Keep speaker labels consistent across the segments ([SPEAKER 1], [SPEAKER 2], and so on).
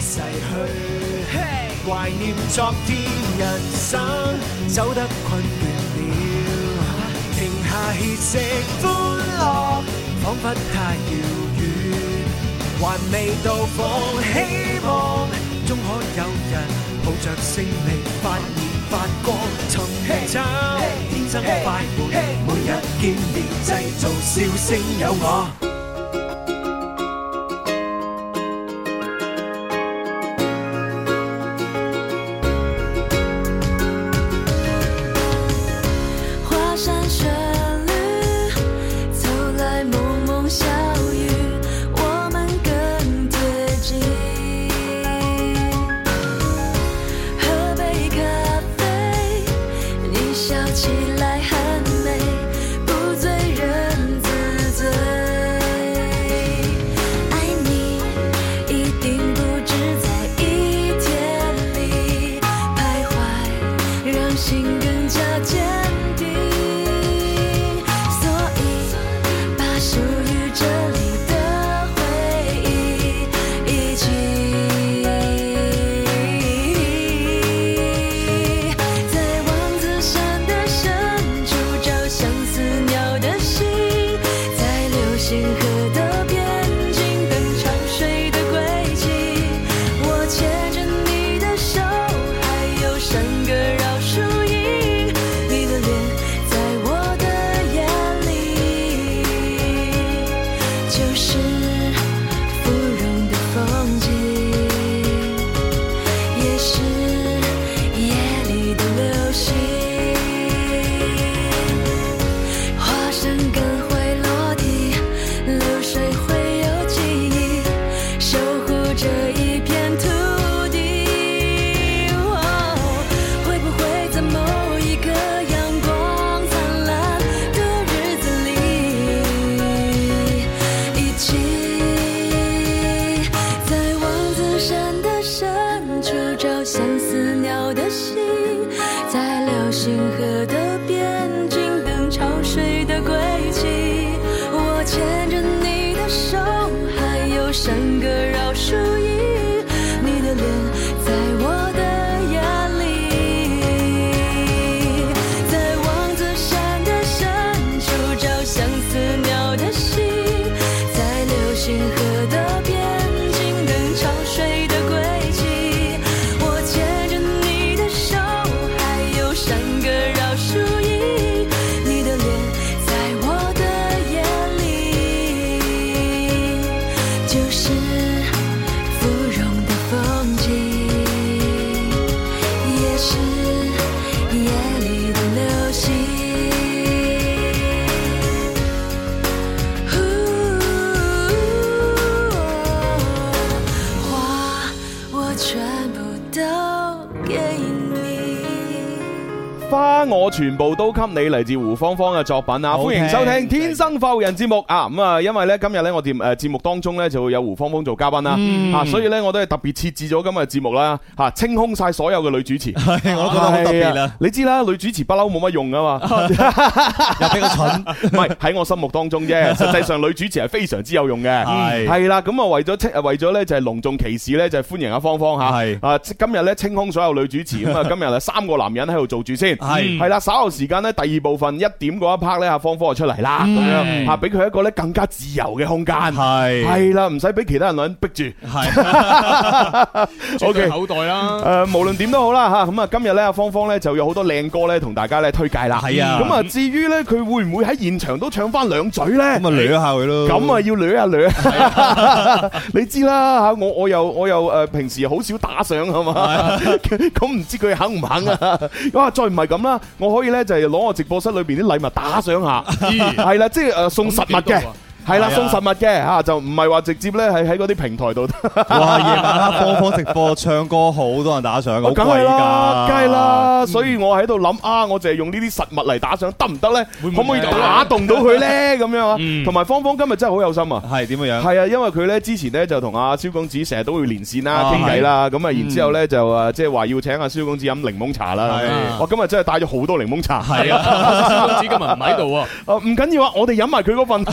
[SPEAKER 1] 逝去，懷念昨天，人生走得困倦了，停下歇息，歡樂彷彿太遙遠，還未到訪，希望終可有人抱着勝利發現發光，尋找天生快活，每日見面製造笑聲有我。
[SPEAKER 2] 全部都給你嚟自胡芳芳嘅作品啊！歡迎收聽《天生發人》節目啊！咁啊，因為咧今日咧我哋誒節目當中咧就會有胡芳芳做嘉賓啦吓，所以咧我都係特別設置咗今日嘅節目啦吓，清空晒所有嘅女主持，我覺得好特別啊！你知啦，女主持不嬲冇乜用噶嘛，又比較蠢，唔係喺我心目當中啫。實際上女主持係非常之有用嘅，係啦。咁啊為咗為咗咧就係隆重其事咧就係歡迎阿芳芳吓，啊今日咧清空所有女主持，咁啊今日啊三個男人喺度做住先係啦。稍後時間咧，第二部分一點嗰一 part 咧，阿芳芳就出嚟啦，咁吓俾佢一個咧更加自由嘅空間，係係啦，唔使俾其他人諗逼住，係 O K 口袋啦，誒，無論點都好啦，吓咁啊，今日咧，阿芳芳咧就有好多靚歌咧同大家咧推介啦，係啊，咁啊，至於咧佢會唔會喺現場都唱翻兩嘴咧，咁啊，捋一下佢咯，咁啊，要捋一捋，你知啦吓，我我又我又誒平時好少打賞係嘛，咁唔知佢肯唔肯啊，哇，再唔係咁啦，我可以咧就係攞我直播室裏邊啲禮物打賞下，係啦， 即係誒送實物嘅。係啦，送實物嘅嚇，就唔係話直接咧，係喺嗰啲平台度。哇！夜晚啊，芳芳直播唱歌，好多人打賞。梗係啦，梗係啦，所以我喺度諗啊，我淨係用呢啲實物嚟打賞，得唔得咧？可唔可以打動到佢咧？咁樣啊？同埋芳芳今日真係好有心啊！係點樣？係啊，因為佢咧之前咧就同阿蕭公子成日都會連線啦、傾偈啦，咁啊，然之後咧就啊，即係話要請阿蕭公子飲檸檬茶啦。我今日真係帶咗好多檸檬茶。係啊。蕭公子今日唔喺度啊？唔緊要啊！我哋飲埋佢嗰份。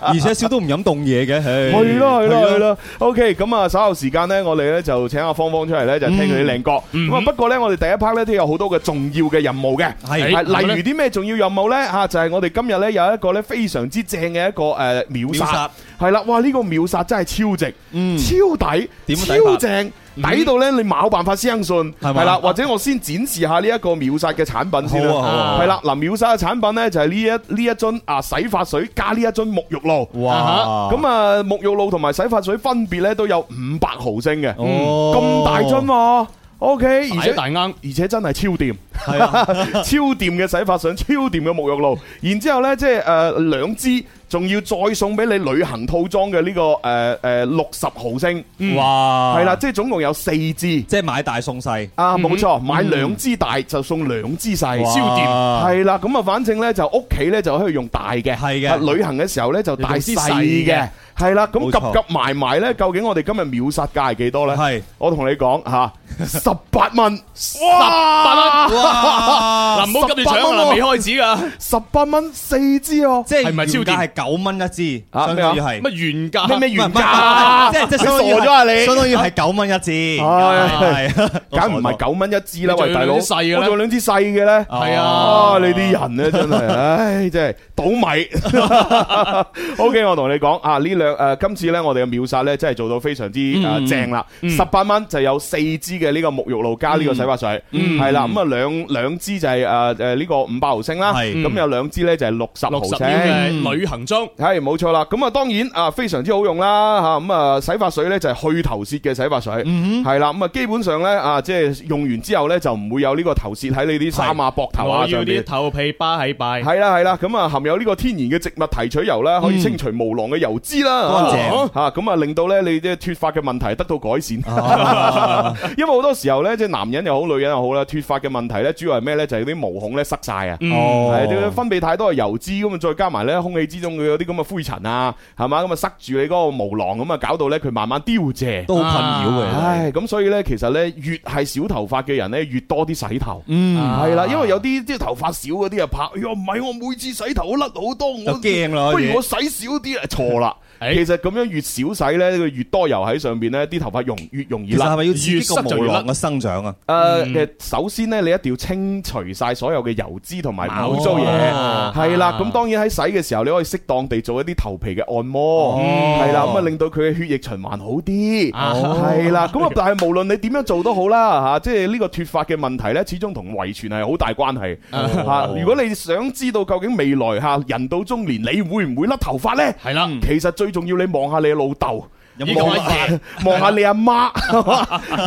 [SPEAKER 2] 而且少都唔飲凍嘢嘅，去去咯去咯去咯。的 OK，咁啊稍後時間呢，我哋咧就請阿芳芳出嚟咧，就聽佢啲靚歌。咁啊， 不過呢，我哋第一 part 呢都有好多嘅重要嘅任務嘅，係的例如啲咩重要任務呢？吓就係、是、我哋今日呢有一個呢非常之正嘅一個誒秒殺。秒殺係啦，哇！呢個秒殺真係超值，嗯，超抵，超正抵到呢，你冇辦法相信，係啦。或者我先展示下呢一個秒殺嘅產品先啦。係啦，嗱，秒殺嘅產品呢，就係呢一呢一樽啊，洗髮水加呢一樽沐浴露。哇！咁啊，沐浴露同埋洗髮水分別咧，都有五百毫升嘅，咁大樽嘛。O K，而且大啱，而且真係超掂，係超掂嘅洗髮水，超掂嘅沐浴露。然之後咧，即係誒兩支。仲要再送俾你旅行套裝嘅呢個誒誒、呃呃、六十毫升，嗯、哇！係啦，即係總共有四支，即係買大送細啊！冇錯，嗯、買兩支大就送兩支細，超掂係啦。咁啊、嗯，反正呢，就屋企呢就可以用大嘅，係嘅的。旅行嘅時候呢，就大支細嘅，係啦。咁夾夾埋埋呢，究竟我哋今日秒殺價係幾多呢？係我同你講吓。啊十八蚊，
[SPEAKER 3] 十八蚊，嗱，唔好急住搶，我未開
[SPEAKER 4] 始噶。十八蚊四支哦，即係唔係超價？係九蚊一支，相當於係
[SPEAKER 2] 咩原價？咩咩原價？即係即係傻咗啊！你相當於係九蚊一支，係梗唔係九蚊一支啦？喂，大佬，我做兩支細嘅咧，係啊！你啲人咧真係，唉，真係倒米。O K，我同你講啊，呢兩誒，今次咧我哋嘅秒殺咧，真係做到非常之誒正啦。十八蚊就有四支嘅呢個沐浴露加呢個洗髮水，係啦，咁啊兩兩支就係誒誒呢個五百毫升啦，咁有兩支咧就係六十毫升嘅旅行裝，係冇錯啦。咁啊當然啊非常之好用啦，吓咁啊洗髮水咧就係去頭屑嘅洗髮水，係啦，咁啊基本上咧啊即係用完之後咧就唔會有呢個頭屑喺你啲衫啊膊頭啊有啲頭皮巴喺拜，係啦係啦，咁啊含有呢個天然嘅植物提取油啦，可以清除毛囊嘅油脂啦，吓咁啊令到咧你即係脫髮嘅問題得到改善。因為好多時候咧，即係男人又好，女人又好啦，脫髮嘅問題咧，主要係咩咧？就係、是、啲毛孔咧塞晒啊，係、哦、分泌太多油脂咁啊，再加埋咧空氣之中佢有啲咁嘅灰塵啊，係嘛，咁啊塞住你嗰個毛囊，咁啊搞到咧佢慢慢凋謝，都困擾嘅。唉、啊，咁、哎、所以咧，其實咧越係少頭髮嘅人咧，越多啲洗頭。嗯，係啦、啊，因為有啲即係頭髮少嗰啲啊拍，哎呀唔係，我每次洗頭甩好多，我都驚啦。不如我洗少啲啊？錯啦。其實咁樣越少洗呢，越多油喺上邊呢，啲頭髮容越容易。其實係咪要刺激個毛囊嘅生長啊？誒，呃嗯、首先呢，你一定要清除晒所有嘅油脂同埋污糟嘢，係啦、哦。咁當然喺洗嘅時候，你可以適當地做一啲頭皮嘅按摩，係啦、哦，咁啊令到佢嘅血液循環好啲，係啦、哦。咁啊，但係無論你點樣做都好啦，吓，即係呢個脫髮嘅問題呢，始終同遺傳係好大關係吓。哦、哇如果你想知道究竟未來吓人到中年你會唔會甩頭髮呢？係啦，其實最仲要你望下你老豆。望下你阿媽，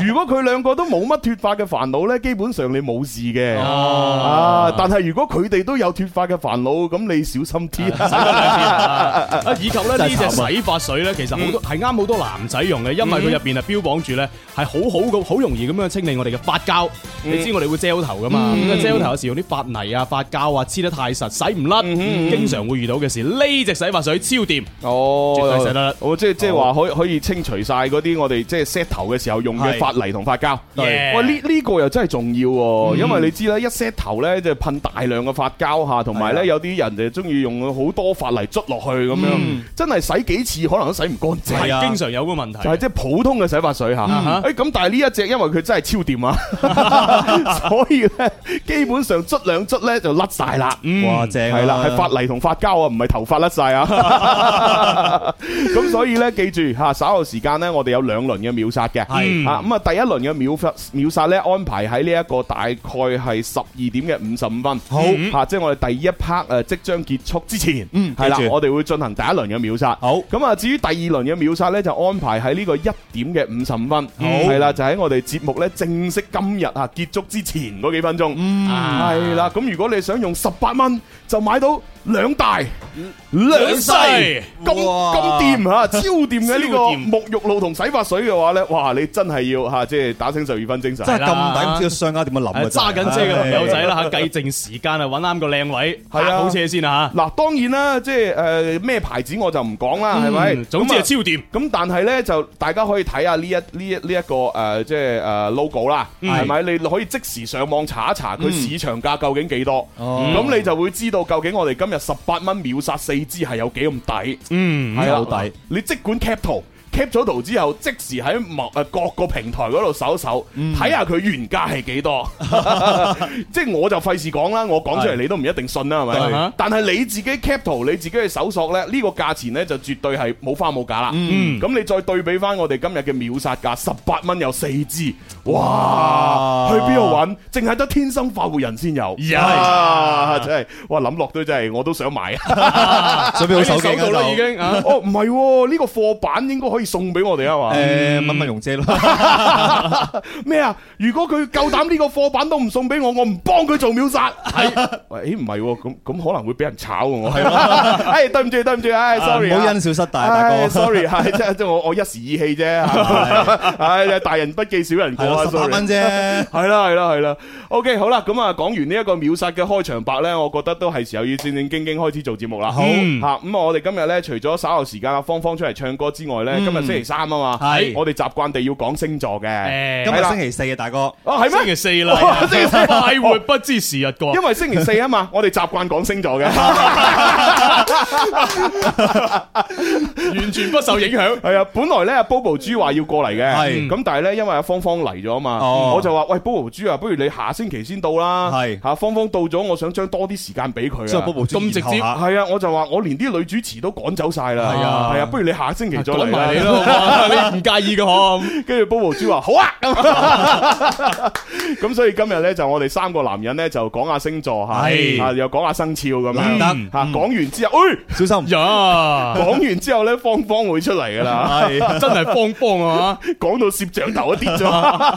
[SPEAKER 2] 如果佢兩個都冇乜脱髮嘅煩惱呢，基本上你冇事嘅。哦，但係如果佢哋都有脱髮嘅煩惱，咁你小心啲。啊，以及呢隻洗髮水呢，其實好多係啱好多男仔用嘅，因為佢入邊啊標榜住呢係好好好容易咁樣清理我哋嘅髮膠。你知我哋會遮頭㗎嘛？遮頭有時用啲髮泥啊、髮膠啊黐得太實，洗唔甩，經常會遇到嘅事。呢隻洗髮水超掂。哦，絕對洗得。哦，即係即係話可以。可以清除晒嗰啲我哋即係 set 頭嘅時候用嘅髮泥同髮膠，Yeah. 哇！呢呢、呢個又真係重要，啊，mm. 因為你知咧一 set 頭咧就噴大量嘅髮膠吓，同埋咧有啲 Yeah. 人就中意用好多髮泥捽落去咁樣，mm. 真係洗幾次可能都洗唔乾淨。係、啊，經常有個問題，就係即係普通嘅洗髮水吓，咁 Yeah.、嗯欸，但係呢一隻因為佢真係超掂啊，uh huh. 所以咧基本上捽兩捽咧就甩晒啦。Mm. 哇，正係、啊、啦，係髮泥同髮膠啊，唔係頭髮甩晒啊。咁 所以咧，記住稍後時間呢，我哋有兩輪嘅秒殺嘅，係啊咁啊，第一輪嘅秒殺秒殺咧，安排喺呢一個大概係十二點嘅五十五分，好吓、啊，即係我哋第一 part 即將結束之前，嗯係啦，我哋會進行第一輪嘅秒殺，好咁啊，至於第二輪嘅秒殺呢，就安排喺呢個一點嘅五十五分，好係啦，就喺我哋節目咧正式今日吓結束之前嗰幾分鐘，嗯係啦，咁如果你想用十八蚊就買到。兩大兩細咁咁掂吓，超掂嘅呢個沐浴露同洗髮水嘅話咧，哇！你真係要吓，即係打醒十二分精神。即係咁抵，唔知個商家點樣諗？揸緊車嘅朋友仔啦吓，
[SPEAKER 4] 計正時間啊，揾啱個靚
[SPEAKER 2] 位，搭好車先啊吓。嗱，當然啦，即係誒咩牌子我就唔講啦，係咪？總之係超掂。咁但係咧就大家可以睇下呢一呢一呢一個誒即係誒 logo 啦，係咪？你可以即時上網查一查佢市場價究竟幾多，咁你就會知道究竟我哋今日。十八蚊秒殺四支係有幾咁抵？嗯，係啊，抵！你即管 cap 圖，cap 咗圖之後，即時喺網誒各個平台嗰度搜一搜，睇下佢原價係幾多。嗯、 即係我就費事講啦，我講出嚟你都唔一定信啦，係咪是？吧但係你自己 cap 圖，你自己去搜索咧，呢個價錢呢，這個、錢就絕對係冇花冇假啦。嗯，咁你再對比翻我哋今日嘅秒殺價，十八蚊有四支。哇！去邊度揾？淨係得天生發活人先有，係真係。哇！諗落都真係，我都想買，送俾我手機啦已經。哦，唔係呢個貨板應該可以送俾我哋啊嘛。誒，問問蓉姐咯。咩啊？如果佢夠膽呢個貨板都唔送俾我，我唔幫佢做秒殺。係。誒，唔係咁咁可能會俾人炒我係。誒，對唔住對唔住，唉，Sorry，唔好因小失大，大哥。Sorry，係即係即係我我一時意氣啫。唉，大人不記小人過。十八蚊啫，係啦係啦係啦。OK，好啦，咁啊，講完呢一個秒殺嘅開場白咧，我覺得都係時候要正正經經開始做節目啦。好，吓咁啊，我哋今日咧除咗稍後時間阿芳芳出嚟唱歌之外咧，今日星期三啊嘛，係我哋習慣地要講星座嘅。今日星期四啊，大哥哦，係咩？星期四啦，太會不知時日過，因為星期四啊嘛，我哋習慣講星座嘅，完全不受影響。係啊，本來咧阿 Bobo 豬話要過嚟嘅，係咁，但係咧因為阿芳芳嚟。咁嘛，我就話喂，Bobo 豬啊，不如你下星期先到啦。係吓，芳芳到咗，我想將多啲時間俾佢啊。咁直接係啊，我就話我連啲女主持都趕走晒啦。係啊，係啊，不如你下星期再嚟。你唔介意嘅嗬。跟住 Bobo 豬話好啊。咁所以今日咧就我哋三個男人咧就講下星座吓，係啊又講下生肖咁啊。唔得吓，講完之後，哎小心呀！講完之後咧，芳芳會出嚟噶啦。係真係芳芳啊，講到攝像頭一啲咗。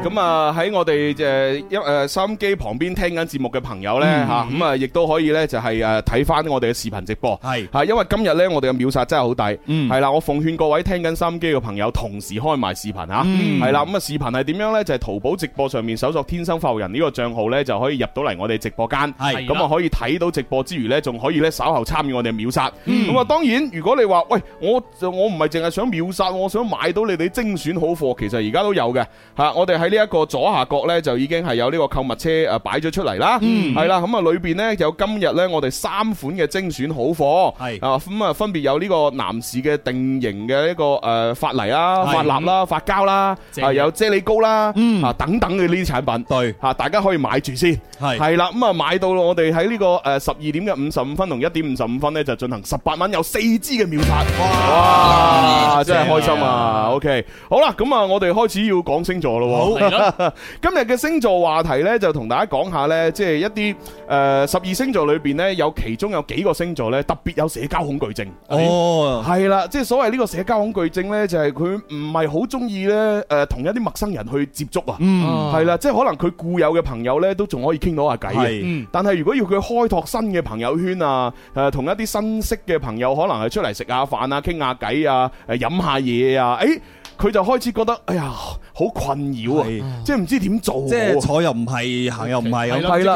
[SPEAKER 2] 咁啊，喺我哋嘅一誒收音機旁邊聽緊節目嘅朋友咧吓，咁、嗯、啊亦都、嗯、可以咧就係誒睇翻我哋嘅視頻直播，係吓的，因為今日咧我哋嘅秒殺真係好抵，係啦，嗯，我奉勸各位聽緊收音機嘅朋友同時開埋視頻嚇，係、啊、啦，咁啊、嗯嗯、視頻係點樣咧？就係、是、淘寶直播上面搜索天生發福人呢個賬號咧，就可以入到嚟我哋直播間，係咁啊可以睇到直播之餘咧，仲可以咧稍後參與我哋嘅秒殺，咁啊當然如果你話喂，我我唔係淨係想秒殺，我想買到你哋精選好貨，其實而家都有嘅吓、啊啊，我哋。喺呢一個左下角咧，就已經係有呢個購物車誒擺咗出嚟啦，係啦，咁啊裏邊咧有今日咧我哋三款嘅精選好貨，係啊咁啊分別有呢個男士嘅定型嘅一個誒髮泥啊、髮蠟啦、髮膠啦，係有啫喱膏啦啊等等嘅呢啲產品，對吓大家可以買住先，係係啦，咁啊買到我哋喺呢個誒十二點嘅五十五分同一點五十五分咧就進行十八蚊有四支嘅秒殺，哇，真係開心啊！OK，好啦，咁啊我哋開始要講星座咯。嗯、 今日嘅星座話題呢，就同大家講下呢，即係一啲誒十二星座裏邊呢，有其中有幾個星座呢，特別有社交恐懼症。哦、哎，係啦，即、就、係、係、所謂呢個社交恐懼症呢，就係佢唔係好中意呢誒，同一啲陌生人去接觸啊。嗯，係啦，即係可能佢固有嘅朋友呢，都仲可以傾到下偈。但係如果要佢開拓新嘅朋友圈啊，誒，同一啲新識嘅朋友可能係出嚟食下飯啊，傾下偈啊，誒，飲下嘢啊，誒、哎，佢就開始覺得，哎呀～好困擾啊！即係唔知點做，即係坐又唔係，行又唔係咁快啦。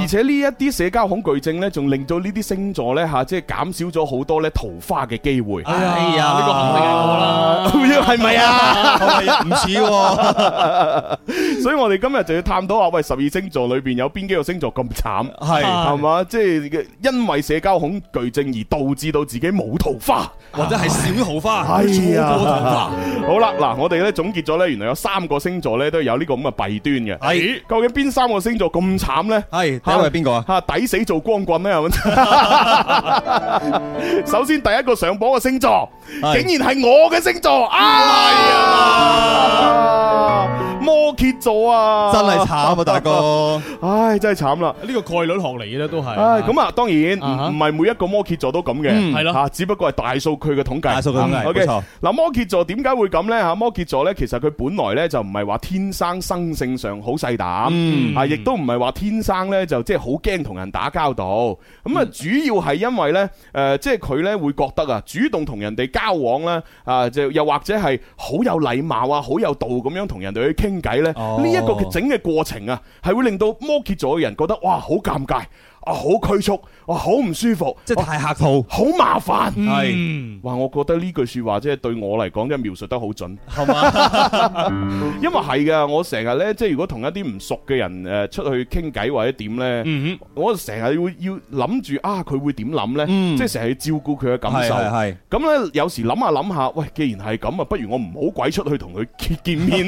[SPEAKER 2] 而且呢一啲社交恐懼症咧，仲令到呢啲星座咧吓，即係減少咗好多咧桃花嘅機會。係啊，呢個肯定係我啦，係咪啊？唔似，所以我哋今日就要探討下，喂，十二星座裏邊有邊幾個星座咁慘？係係嘛，即係因為社交恐懼症而導致到自己冇桃花，或者係少桃花，錯過桃花。好啦，嗱，我哋咧總結咗咧。原來有三個星座咧都有呢個咁嘅弊端嘅。係，究竟邊三個星座咁慘咧？係，吓係邊個啊？吓，抵死做光棍咧，首先第一個上榜嘅星座，竟然係我嘅星座，哎呀，摩羯座啊，真係慘啊，大哥，唉，真係慘啦，呢個概率學嚟嘅都係。唉，咁啊，當然唔唔係每一個摩羯座都咁嘅，係咯，吓，只不過係大數據嘅統計。大數據統計，OK，冇錯。嗱，摩羯座點解會咁咧？吓，摩羯座咧，其實佢。本來咧就唔係話天生生性上好細膽，啊、嗯，亦都唔係話天生咧就即係好驚同人打交道。咁啊、嗯，主要係因為咧，誒，即係佢咧會覺得啊，主動同人哋交往啦，啊，就又或者係好有禮貌啊，好有道咁樣同人哋去傾偈咧。呢一、哦、個整嘅過程啊，係會令到摩羯座嘅人覺得哇，好尷尬啊，好拘束。哇，好唔舒服，即係太客套，好麻煩。係，哇，我覺得呢句說話即係對我嚟講，真係描述得好準，係嘛？因為係噶，我成日咧，即係如果同一啲唔熟嘅人誒出去傾偈或者點咧，我成日要要諗住啊，佢會點諗咧？即係成日要照顧佢嘅感受。係，咁咧有時諗下諗下，喂，既然係咁啊，不如我唔好鬼出去同佢見面，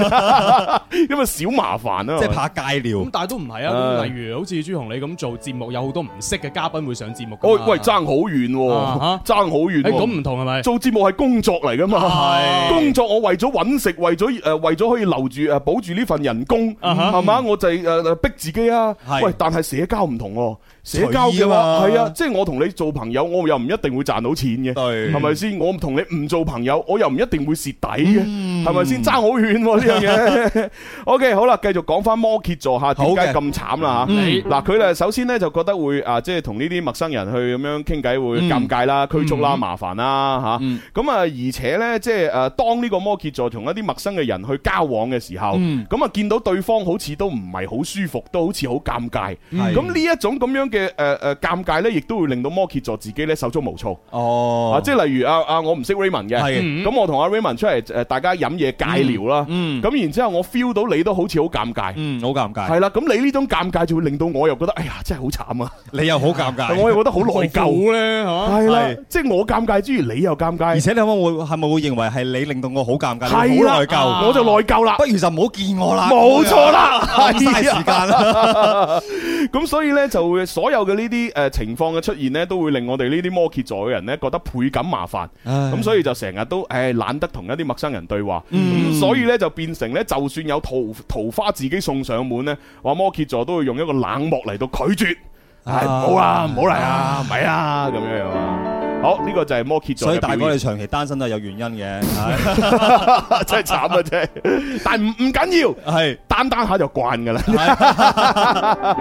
[SPEAKER 2] 因為少麻煩啊。即係怕介料咁，但係都唔係啊。例如好似朱紅你咁做節目，有好多唔識嘅嘉賓。會上節目，喂喂，爭好遠，爭好遠，咁唔同係咪？做節目係工作嚟噶嘛？係工作，我為咗搵食，為咗誒，為咗可以留住誒，保住呢份人工，係嘛？我就係誒逼自己啊。喂，但係社交唔同，社交嘅話係啊，即係我同你做朋友，我又唔一定會賺到錢嘅，係咪先？我同你唔做朋友，我又唔一定會蝕底嘅，係咪先？爭好遠呢樣嘢。OK，好啦，繼續講翻摩羯座下點解咁慘啦吓？嗱，佢誒，首先咧就覺得會啊，即係同呢啲。啲陌生人去咁樣傾偈會尷尬啦、拘束啦、麻煩啦吓，咁啊而且呢，即係誒，當呢個摩羯座同一啲陌生嘅人去交往嘅時候，咁啊見到對方好似都唔係好舒服，都好似好尷尬。咁呢一種咁樣嘅誒誒尷尬呢，亦都會令到摩羯座自己呢手足無措。哦，即係例如啊啊，我唔識 Raymond 嘅，咁我同阿 Raymond 出嚟大家飲嘢尬聊啦。咁然之後我 feel 到你都好似好尷尬，嗯，好尷尬。係啦，咁你呢種尷尬就會令到我又覺得，哎呀，真係好慘啊！你又好尷尬。我又覺得好內疚咧，係嘛？即係我尷尬，
[SPEAKER 4] 之餘你又尷尬。而且你有冇會係咪會認為係你令到我好尷尬、好內疚？我就內疚啦，不如就唔好見我啦。冇錯啦，嘥時間啦。
[SPEAKER 2] 咁所以咧，就所有嘅呢啲誒情況嘅出現咧，都會令我哋呢啲摩羯座嘅人咧，覺得倍感麻煩。咁所以就成日都誒懶得同一啲陌生人對話。所以咧就變成咧，就算有桃桃花自己送上門咧，我摩羯座都會用一個冷漠嚟到拒絕。唉，唔好、uh, 啊，唔好嚟啊，唔係、uh, 啊，咁樣樣啊。好，呢個就係摩
[SPEAKER 4] 羯座，所以大哥你長期單身都係有原因嘅，真係慘啊！真係，
[SPEAKER 2] 但係唔唔緊要，係單單下就慣噶啦。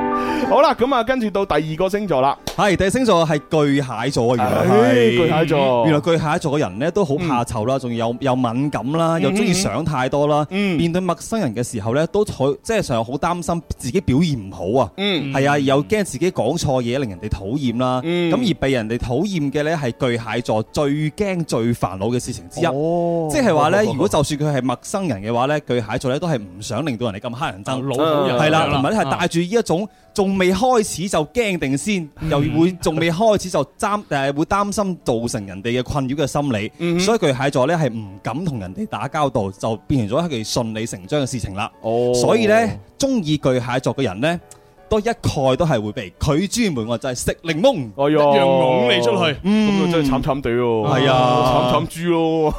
[SPEAKER 2] 好啦，咁啊，跟住到第二個星座啦，係第二星座係巨蟹座啊！原來係巨蟹座，
[SPEAKER 4] 原來巨蟹座嘅人咧都好怕醜啦，仲有又敏感啦，又中意想太多啦，面對陌生人嘅時候咧都即係成日好擔心自己表現唔好啊，係啊，又驚自己講錯嘢令人哋討厭啦，咁而被人哋討厭嘅咧係巨蟹座最驚最煩惱嘅事情之一，即係話呢。如果就算佢係陌生人嘅話呢，巨蟹座咧都係唔想令到人哋咁乞人憎，係啦，同埋咧係帶住依一種仲未開始就驚定先，又會仲未開始就擔，誒會擔心造成人哋嘅困擾嘅心理，所以巨蟹座咧係唔敢同人哋打交道，就變成咗一件順理成章嘅事情啦。所以咧，中意巨蟹座嘅人咧。多一概都係
[SPEAKER 2] 會被拒諸門外，就係食檸檬。哎呀，一樣拱你出去，咁啊真係慘慘地咯，係啊，慘慘豬咯，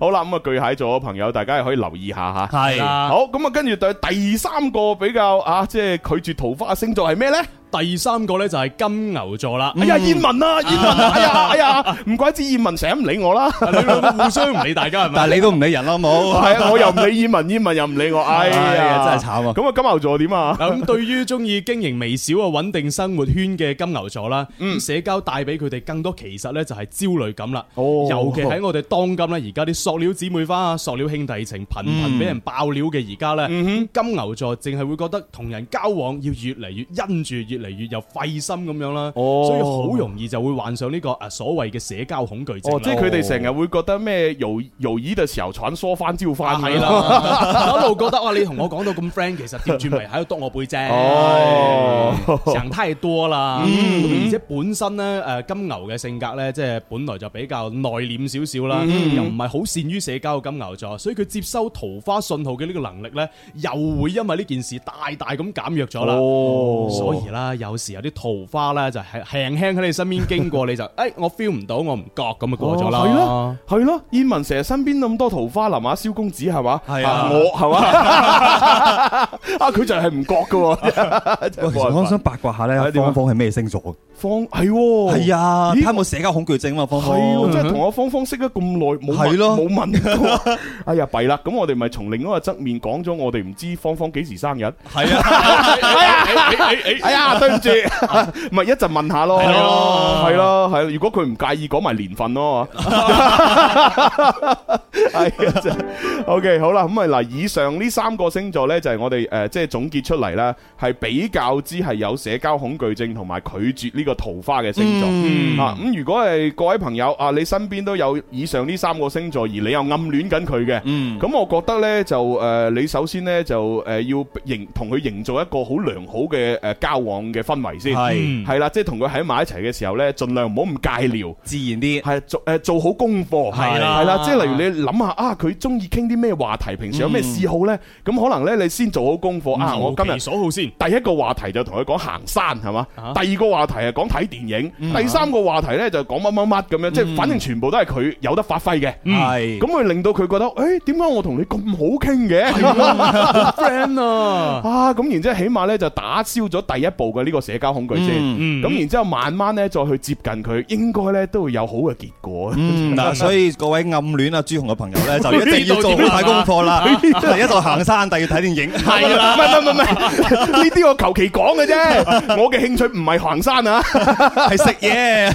[SPEAKER 2] 好啦，咁啊巨蟹座嘅朋友，大家係可以留意下吓，係，好。咁啊，跟住對第三個比較啊，即係拒絕桃花星座係咩咧？第三個咧就係金牛座啦。哎呀，燕文啊，燕文，哎呀，哎呀，唔怪之燕文成日唔理我啦。你兩個互相唔理大家係嘛？但係你都唔理人咯，冇。係啊，我又唔理燕文，燕文又唔理我。哎呀，真係慘啊！咁啊，金牛座點啊？咁對於中意經營微小嘅穩定生活圈嘅金牛座啦，咁社交帶俾佢哋更多其實咧就係焦慮感啦。哦，尤其喺我哋當今咧，而家啲塑料姊妹花啊、塑料兄弟情頻頻俾人爆料嘅而家咧，金牛座淨係會覺得同人交往要越嚟越因住越嚟越又費心咁樣啦，所以好容易就會患上呢個啊所謂嘅社交恐懼症。即係佢哋成日會覺得咩遊遊椅嘅時候，闖疏翻招翻，係啦，一路覺得啊，你同我講到咁 friend，其實掉轉嚟喺度篤我背脊，人太多啦。咁而且本身咧誒金牛嘅性格咧，即係本來就比較內斂少少啦，又唔係好善於社交嘅金牛座，所以佢接收桃花信號嘅呢個能力咧，又會因為呢件事大大咁減弱咗啦。所以啦～有時有啲桃花咧，就係輕輕喺你身邊經過，你就誒，我 feel 唔到，我唔覺咁啊過咗啦。係咯，係咯。燕文成日身邊咁多桃花，林啊，蕭公子係嘛？係啊，我係嘛？啊，佢就係唔覺噶。我其實想
[SPEAKER 4] 八卦下咧，方方係咩星座？
[SPEAKER 2] 方係，係啊？睇冇社交恐懼症啊嘛？方方係，即係同我芳芳識咗咁耐，冇問冇問。哎呀，弊啦。咁我哋咪從另一個側面講咗，我哋唔知芳芳幾時生日。係
[SPEAKER 3] 啊，係啊，係啊。對唔住，咪、啊、
[SPEAKER 2] 一陣問下咯，係咯，係咯，係。如果佢唔介意，講埋年份咯。係啊，OK，好啦，咁啊，嗱，以上呢三個星座咧，就係我哋誒，即係總結出嚟啦，係比較之係有社交恐懼症同埋拒絕呢個桃花嘅星座。啊、嗯、咁、嗯、如果係各位朋友啊，你身邊都有以上呢三個星座，而你又暗戀緊佢嘅，嗯咁我覺得咧就誒、呃，你首先咧就誒要形同佢營造一個好良好嘅誒交往。嘅氛圍先，係係啦，即係同佢喺埋一齊嘅時候呢，儘量唔好咁尬聊，自然啲，係做誒做好功課，係啦，即係例如你諗下啊，佢中意傾啲咩話題，平時有咩嗜好呢？咁可能呢，你先做好功課啊！我今日所好先，第一個話題就同佢講行山，係嘛？第二個話題係講睇電影，第三個話題呢，就講乜乜乜咁樣，即係反正全部都係佢有得發揮嘅，係咁會令到佢覺得誒點解我同你咁好傾嘅 friend 啊？啊咁，然之後起碼呢，就打消咗第一步呢個社交恐懼症，咁然之後慢慢咧再去接近佢，應該咧都會有好嘅結果。嗱，所以各位暗戀啊朱紅嘅朋友咧，就一定要做好晒功課啦，第一度行山，第二睇電影。係啦，唔係唔係唔係，呢啲我求其講嘅啫，我嘅興趣唔係行山啊，係食嘢。誒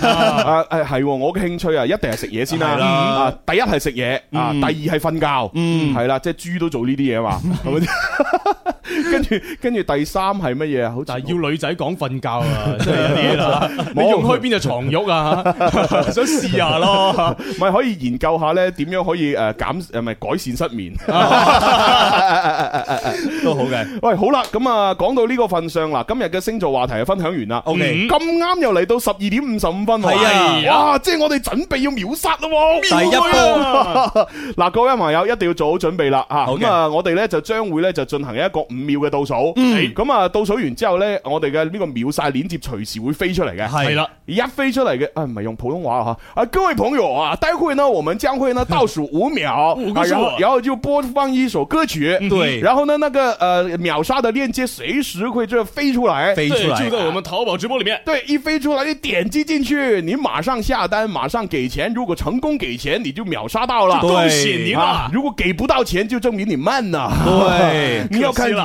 [SPEAKER 2] 誒，係我嘅興趣啊，一定係食嘢先啦。第一係食嘢啊，第二係瞓覺，係啦，即係豬都做呢啲嘢嘛。跟住，跟住第三係乜嘢啊？好，但係要女仔講瞓覺啊，真係有啲啦。你用開邊隻床褥啊？想試下咯，咪可以研究下咧，點樣可以誒減誒咪改善失眠。都好嘅。喂，好啦，咁啊，講到呢個份上啦，今日嘅星座話題啊，分享完啦。OK，咁啱又嚟到十二點五十五分喎。係啊，哇，即係我哋準備要秒殺咯。第一波。嗱，各位網友一定要做好準備啦。吓，咁啊，我哋咧就將會咧就進行一個。五秒嘅倒數，咁啊倒數完之後呢，我哋嘅呢個秒殺鏈接隨時會飛出嚟嘅。係啦的、啊，一飛出嚟嘅，啊唔係用普通話啊吓，各位朋友啊，待會呢，我們將會呢倒數五秒呵呵、啊，然後然後就播放一首歌曲，對、嗯哼，然後呢那個呃秒殺的鏈接隨時會就飛出來，飛出來對，就在我們淘寶直播裏面，對，一飛出來你點擊進去，你馬上下單，馬上給錢，如果成功給錢，你就秒殺到了，對恭喜你啊！如果給不到錢，就證明你慢啊。對，你要看啦。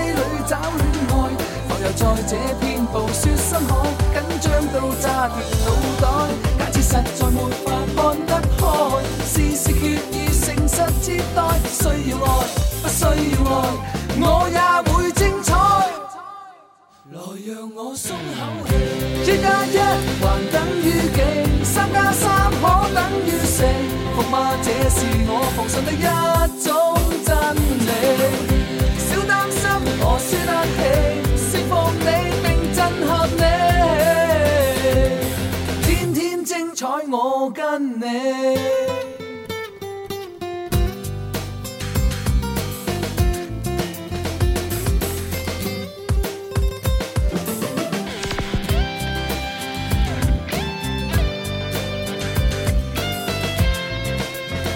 [SPEAKER 1] 在這片暴雪深海，緊張到炸裂腦袋。假設實在沒法看得開，絲絲血意誠實之代，不需要愛，不需要愛，我也會精彩。來
[SPEAKER 3] 讓我鬆口氣，一加一
[SPEAKER 1] 還等於幾？三加三可等於四？服嗎？這是我奉上的一種真理。小擔心我，我輸得起。放你並震撼你，天天精彩，我跟你。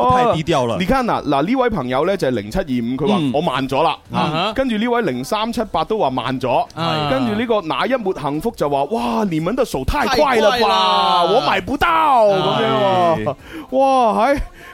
[SPEAKER 4] Oh, 太低調啦！你睇
[SPEAKER 2] 嗱嗱呢位朋友呢，就係零七二五，佢話我慢咗啦。嗯嗯、跟住呢位零三七八都話慢咗。Uh huh. 跟住呢個那一抹幸福就話，哇！你們的手太快了吧，了我買不到咁、uh huh. 樣、啊。哇，係。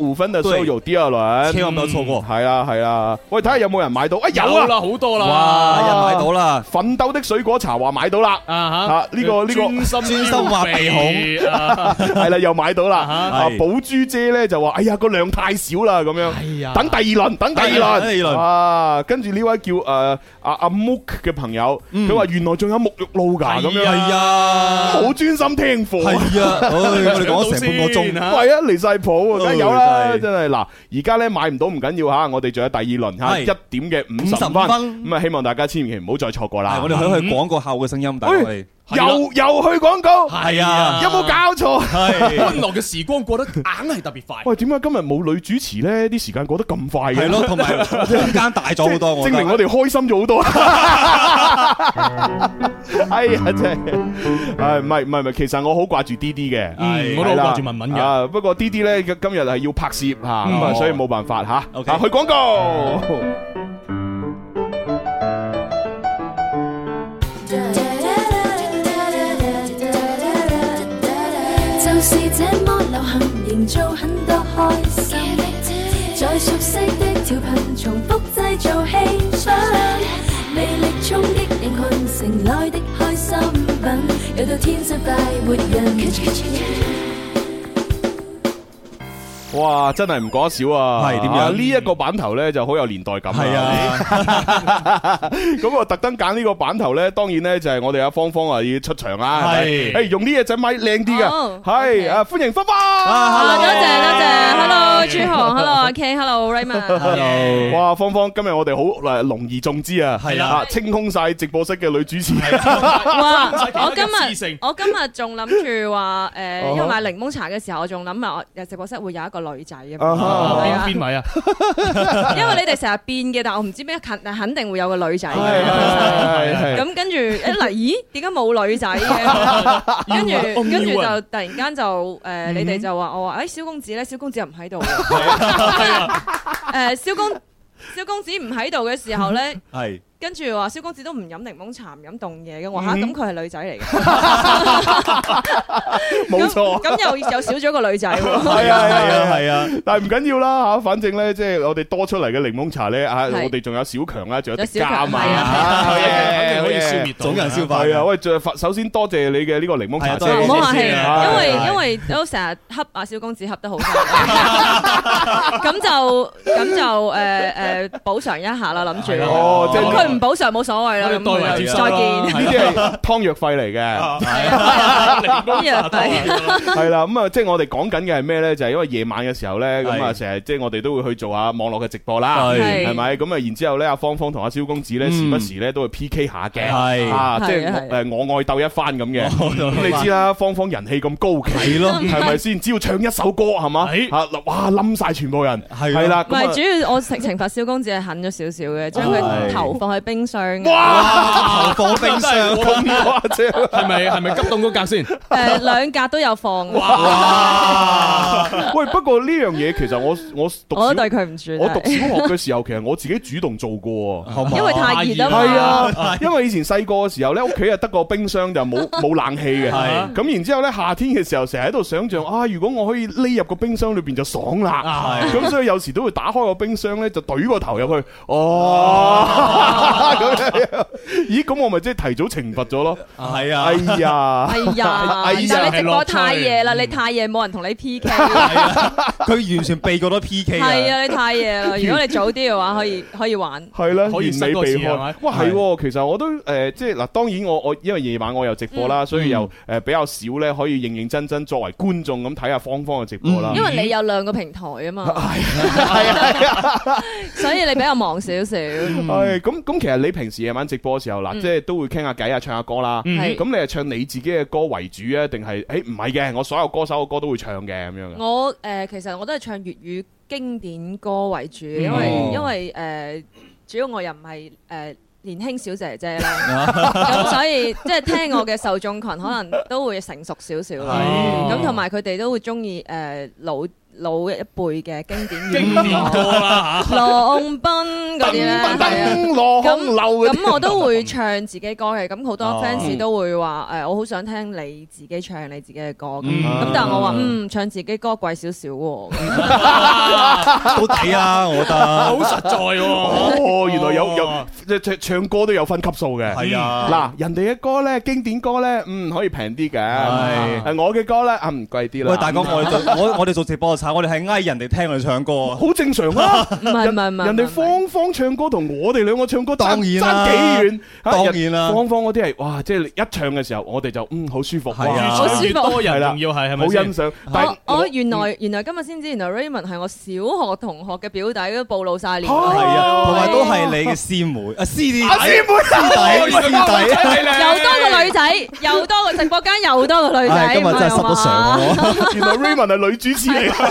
[SPEAKER 2] 護粉就需要啲啊，第二輪千萬唔好錯過。係啊係啊，喂，睇下有冇人買到？啊有啦，好多啦，哇，有人買到啦！奮鬥的水果茶話買到啦，啊哈，呢個呢個心心畫鼻孔，係啦，又買到啦。啊，寶珠姐咧就話：哎呀，個量太少啦，咁樣。係啊，等第二輪，等第二輪，第二輪啊。跟住呢位叫誒。阿阿 Mook 嘅朋友，佢話原來仲有沐浴露噶，咁樣。係啊，好專心聽課。係啊，我哋講咗成半個鐘，係啊，離晒譜，梗係有啦，真係嗱。而家咧買唔到唔緊要吓，我哋仲有第二輪吓，一點嘅五十分，咁啊希望大家千祈唔好再錯過啦。我哋可以去廣告後嘅聲音，大家。又又去廣告，係啊，有冇搞錯？歡樂嘅時光過得硬係特別快。喂，點解今日冇女主持咧？啲時間過得咁快嘅？係咯，同埋空間大咗好多，證明我哋開心咗好多。哎呀，真係，誒唔係唔係唔係，其實我好掛住 D D 嘅，我都好掛住文文嘅。不過 D D 咧今日係要拍攝嚇，所以冇辦法嚇，OK，去廣告。
[SPEAKER 1] 做很多開心，在熟悉的調頻重複，製造氣氛魅力衝擊人群。城內的開心品又到天生快活人。
[SPEAKER 2] 哇，真係唔講得笑啊！係點樣？呢一個版頭咧就好有年代感。係啊，咁我特登揀呢個版頭咧，當然咧就係我哋阿芳芳啊要出場啦。係，誒，用呢隻咪靚啲嘅。係啊，歡迎芳芳。
[SPEAKER 3] 多謝多謝。Hello
[SPEAKER 5] 朱浩，Hello 阿 K，Hello Raymond。Hello。
[SPEAKER 2] 哇，芳芳今日我哋好誒，隆而重之啊。係啊，清空晒直播室嘅女主持。
[SPEAKER 5] 哇，我今日我今日仲諗住話誒，因為買檸檬茶嘅時候，我仲諗啊，誒，直播室會有一個。女仔啊，係咪啊？因為你哋成日變嘅， 但係我唔知咩，肯肯定會有個女仔嘅。咁跟住一嚟，咦？點解冇女仔嘅？跟住跟住就突然間就誒， 嗯、你哋就話我話誒、哎，小公子咧，小公子又唔喺度。誒，小公小公子唔喺度嘅時候咧。 跟住話，小公子都唔飲檸檬茶，唔飲凍嘢嘅我嚇，咁佢係女仔嚟
[SPEAKER 2] 嘅，冇錯。咁又又少咗
[SPEAKER 5] 個女仔，係啊係啊係啊！但係
[SPEAKER 2] 唔緊要啦嚇，反正咧即係我哋多出嚟嘅檸檬茶咧嚇，我哋仲有小強啦，仲有加埋啊，反正可以消滅到，總人消化啊。喂，首先多謝你嘅呢個檸檬茶，唔好話係，因為因為
[SPEAKER 5] 都成日恰啊小公子恰得好快。咁就咁就誒誒補償一下啦，諗住。唔補償冇所謂啦，再見。呢啲係
[SPEAKER 2] 湯藥費嚟嘅，
[SPEAKER 5] 湯藥費係
[SPEAKER 2] 啦。咁啊，即係我哋講緊嘅係咩咧？就係因為夜晚嘅時候咧，咁啊，成日即係我哋都會去做下網絡嘅直播啦，係咪？咁啊，然之後咧，阿芳芳同阿蕭公子咧，時不時咧都會去 P K 下嘅，係即係誒我愛鬥一番咁嘅。咁你知啦，芳芳人氣咁高企嘅，係咪先？只要唱一首歌係嘛？嗱，哇冧晒全部人係啦。唔係主要
[SPEAKER 5] 我懲罰蕭公子係狠咗少少嘅，將佢頭放喺冰箱嘅，
[SPEAKER 2] 哇！頭放冰箱咁誇張，係咪係咪急凍嗰格先？
[SPEAKER 5] 誒，兩格都有放。哇！
[SPEAKER 2] 喂，不過呢樣嘢其實我我讀小，我對佢唔住。我讀小學嘅時候，其實我自己主動做過，係因為太熱啦，係啊，因為以前細個嘅時候咧，屋企啊得個冰箱就冇冇冷氣嘅，係。咁然之後咧，夏天嘅時候成日喺度想象啊，如果我可以匿入個冰箱裏邊就爽啦，係。咁所以有時都會打開個冰箱咧，就懟個頭入去，哦。咦？咁我咪即係提早懲罰咗咯？係啊！哎呀！哎呀！但係你直播太夜
[SPEAKER 5] 啦，你太夜冇人同你 PK。
[SPEAKER 2] 佢完全避過咗 PK。係啊！
[SPEAKER 5] 你太夜啦。如果你早啲嘅話，可以可以玩。
[SPEAKER 4] 係
[SPEAKER 2] 啦，可以死避開。哇！係喎，其實我都誒，即係嗱，當然我我因為夜晚我又直播啦，所以又誒比較少咧，可以認認真真作為觀眾咁睇下芳芳嘅直播啦。因為你
[SPEAKER 5] 有兩個平台啊嘛。係啊係啊，所以你比較忙少少。唉，
[SPEAKER 2] 咁咁。其實你平時夜晚直播嘅時候嗱，嗯、即係都會傾下偈啊，唱下歌啦，啊。咁、嗯、你係唱你自己嘅歌為主啊，定係誒唔係嘅？我所有歌手嘅歌都會唱嘅咁樣嘅。我、
[SPEAKER 5] 呃、誒，其實我都係唱粵語經典歌為主，因為、哦、因為誒、呃，主要我又唔係誒年輕小姐姐啦，咁、哦、所以即係 聽我嘅受眾群可能都會成熟少少，咁同埋佢哋都會中意誒老。老一輩嘅經典經典歌啦，浪奔嗰啲咧，咁咁我都會唱自己歌嘅，咁好多 fans 都會話誒，我好想聽你自己唱你自己嘅歌，咁但係我話嗯，唱自己歌貴少少
[SPEAKER 2] 喎，都抵啊，我覺得好實在喎，哦，原來有有即即唱歌都有分級數嘅，係啊，嗱人哋嘅歌咧，經典歌咧，嗯可以平啲嘅，係，我嘅歌咧，嗯貴啲啦，喂大哥，我我我哋做直播。我哋係嗌人哋聽佢唱歌，好正常啊！唔係唔係唔係，人哋芳芳唱歌同我哋兩個唱歌，爭爭幾遠？當然啦，芳芳嗰啲係哇，即係一唱嘅時候，我哋就嗯好舒服，越多人，仲要係，係咪，好欣賞。但
[SPEAKER 5] 係我我原來原來今日先知，原來 Raymond 係我小學同學嘅表弟，都暴露晒臉，係啊，同埋都係你嘅
[SPEAKER 4] 師妹啊師弟
[SPEAKER 5] 師弟師弟，又多個女仔，又多個直播間，又多個女
[SPEAKER 2] 仔，今日真係十不常，原來 Raymond 係女主持嚟。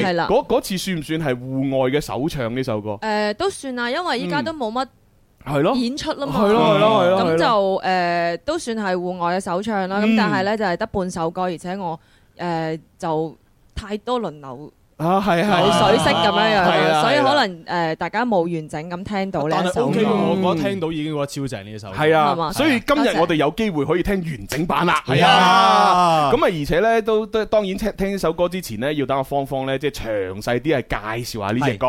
[SPEAKER 5] 係
[SPEAKER 2] 嗰次算唔算係戶外嘅首唱呢首歌？
[SPEAKER 5] 誒、呃，都算啊，因為依家都冇乜
[SPEAKER 2] 係咯演出啦嘛，係咯係咯係咯，咁就
[SPEAKER 5] 誒、呃、都算係戶外嘅首唱啦。咁、嗯、但係呢，就係得半首歌，而且我誒、呃、就太多輪流。啊，係係水色咁樣樣，所以可能誒大家冇完整咁聽到呢首歌。OK，
[SPEAKER 2] 我剛聽到已經覺得超正呢首，係啊，所以今日我哋有機會可以聽完整版啦。係啊，咁啊，而且咧都都當然聽聽首歌之前咧，要等阿芳芳咧即係詳細啲係介紹下呢隻歌，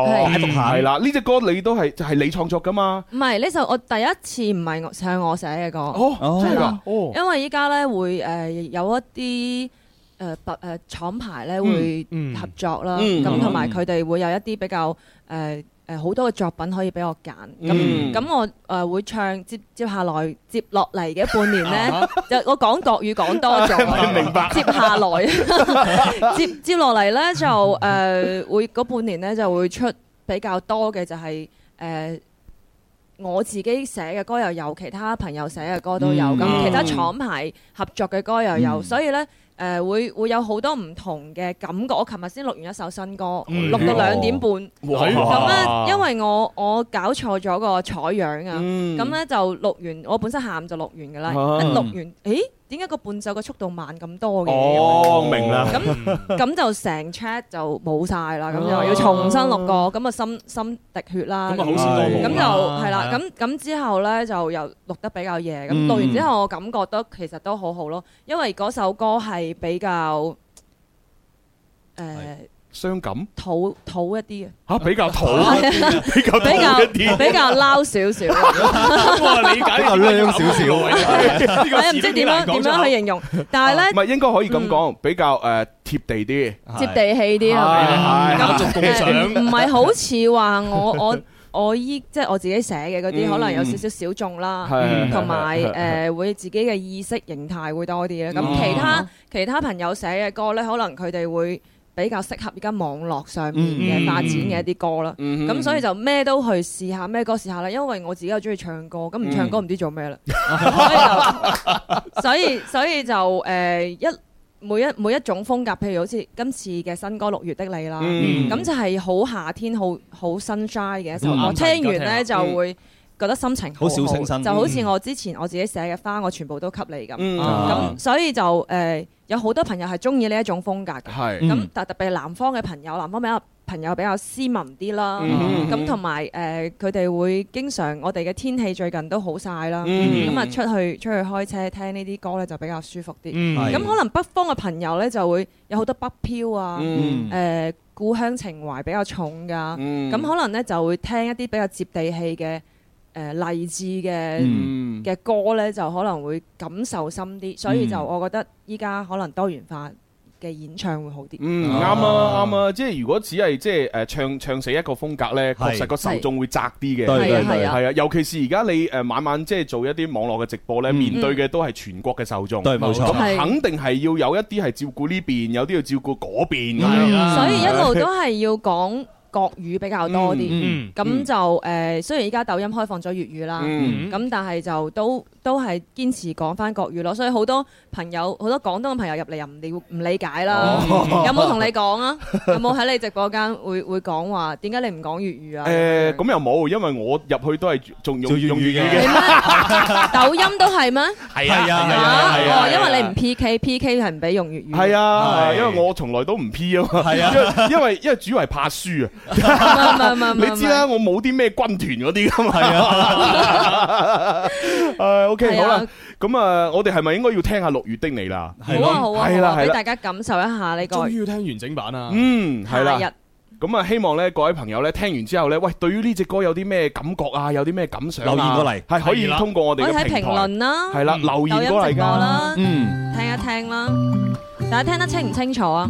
[SPEAKER 2] 係啦，呢隻歌你都係就係你創作噶嘛？
[SPEAKER 5] 唔係，呢首我第一次唔係唱我寫嘅歌，哦，真噶？因為依家咧會誒有一啲。誒白、呃啊、廠牌咧會合作啦，咁同埋佢哋會有一啲比較誒誒好多嘅作品可以俾我揀，咁咁、嗯、我誒、呃、會唱接接下來接落嚟嘅半年呢， 就我講國語講多咗，明白。接下來接接落嚟呢，就誒、呃、會嗰半年呢就會出比較多嘅就係、是、誒。呃我自己寫嘅歌又有，其他朋友寫嘅歌都有，咁、嗯、其他廠牌合作嘅歌又有，嗯、所以呢，誒、呃、會會有好多唔同嘅感覺。我琴日先錄完一首新歌，嗯、錄到兩點半。咁哇呢，因為我我搞錯咗個採樣啊，咁、嗯、呢，就錄完。我本身下午就錄完㗎啦，一、嗯、錄完，誒。點解個伴奏嘅速度慢咁多嘅？哦，明啦！咁咁就成 chat 就冇晒啦，咁就要重新錄過，咁啊心心滴血啦！咁啊好少歌咁就係啦，咁咁之後咧就又錄得比較夜，咁錄完之後我感覺都其實都好好咯，因為嗰首歌係比較誒。傷感土土一啲嘅，吓
[SPEAKER 2] 比較土，比
[SPEAKER 5] 較土一啲，比較撈少少。我
[SPEAKER 2] 理解係撈少少。
[SPEAKER 3] 唔知點樣點樣
[SPEAKER 5] 去形容？
[SPEAKER 2] 但係咧，唔係應該可以咁講，比較誒貼地啲，接地氣啲係咪？唔
[SPEAKER 5] 係好似話我我我依即係我自己寫嘅嗰啲，可能有少少小眾啦，同埋誒會自己嘅意識形態會多啲咧。咁其他其他朋友寫嘅歌咧，可能佢哋會。比較適合而家網絡上面嘅發展嘅一啲歌啦，咁、mm hmm. 所以就咩都去試下，咩歌試下啦。因為我自己又中意唱歌，咁唔唱歌唔知做咩啦。所以所以就誒、呃、一每一每一種風格，譬如好似今次嘅新歌《六月的你》啦，咁、mm hmm. 就係好夏天、好好新 u s h i 嘅一首歌。我聽完呢聽就會。嗯覺得心情好少聲就好似我之前我自己寫嘅花，我全部都給你咁。咁所以就誒有好多朋友係鍾意呢一種風格嘅。咁但特別南方嘅朋友，南方比較朋友比較斯文啲啦。咁同埋誒佢哋會經常我哋嘅天氣最近都好晒啦。咁啊出去出去開車聽呢啲歌咧就比較舒服啲。咁可能北方嘅朋友咧就會有好多北漂啊，誒故鄉情懷比較重㗎。咁可能咧就會聽一啲比較接地氣嘅。誒勵志嘅嘅歌呢，就可能會感受深啲，所以就我覺得依家可能多元化嘅演唱會好啲。嗯，啱啊，
[SPEAKER 2] 啱啊，即係如果只係即係誒唱唱死一個風格呢，確實個受眾會窄啲嘅。係啊，尤其是而家你誒晚晚即係做一啲網絡嘅直播呢，面對嘅都係全國嘅受眾。對，冇錯。咁肯定係要有一啲係照顧呢邊，有啲要照顧嗰邊。所以一路都係
[SPEAKER 5] 要講。國語比較多啲，咁就誒，雖然依家抖音開放咗粵語啦，咁但係就都都係堅持講翻國語咯。所以好多朋友，好多廣東嘅朋友入嚟又唔理唔理解啦。有冇同你講啊？有冇喺你直播間會會講話點解你唔講粵語啊？誒，
[SPEAKER 2] 咁又冇，因為我入去都係仲用粵語嘅。
[SPEAKER 5] 抖音都係咩？
[SPEAKER 2] 係啊，係啊，係因為你唔
[SPEAKER 5] P K，P K 係唔俾用粵
[SPEAKER 2] 語。係啊，因為我從來都唔 P 啊，係啊！因為因為主要係怕輸啊。你知啦，我冇啲咩軍團嗰啲噶嘛。誒，OK，好啦，咁啊，我哋係咪應該要聽下六月的你啦？好啊，好啊，係啦，係啦，俾
[SPEAKER 5] 大家感受一下呢個。終於要聽完整版啊。
[SPEAKER 2] 嗯，係啦。今日咁啊，希望咧各位朋友咧聽完之後咧，喂，對於呢隻歌有啲咩感覺啊？有啲咩感想啊？留言過嚟係可以通過我哋平台，可以睇評論啦。係啦，留言過嚟啦。嗯，
[SPEAKER 5] 聽一聽啦。大家聽得清唔清楚啊？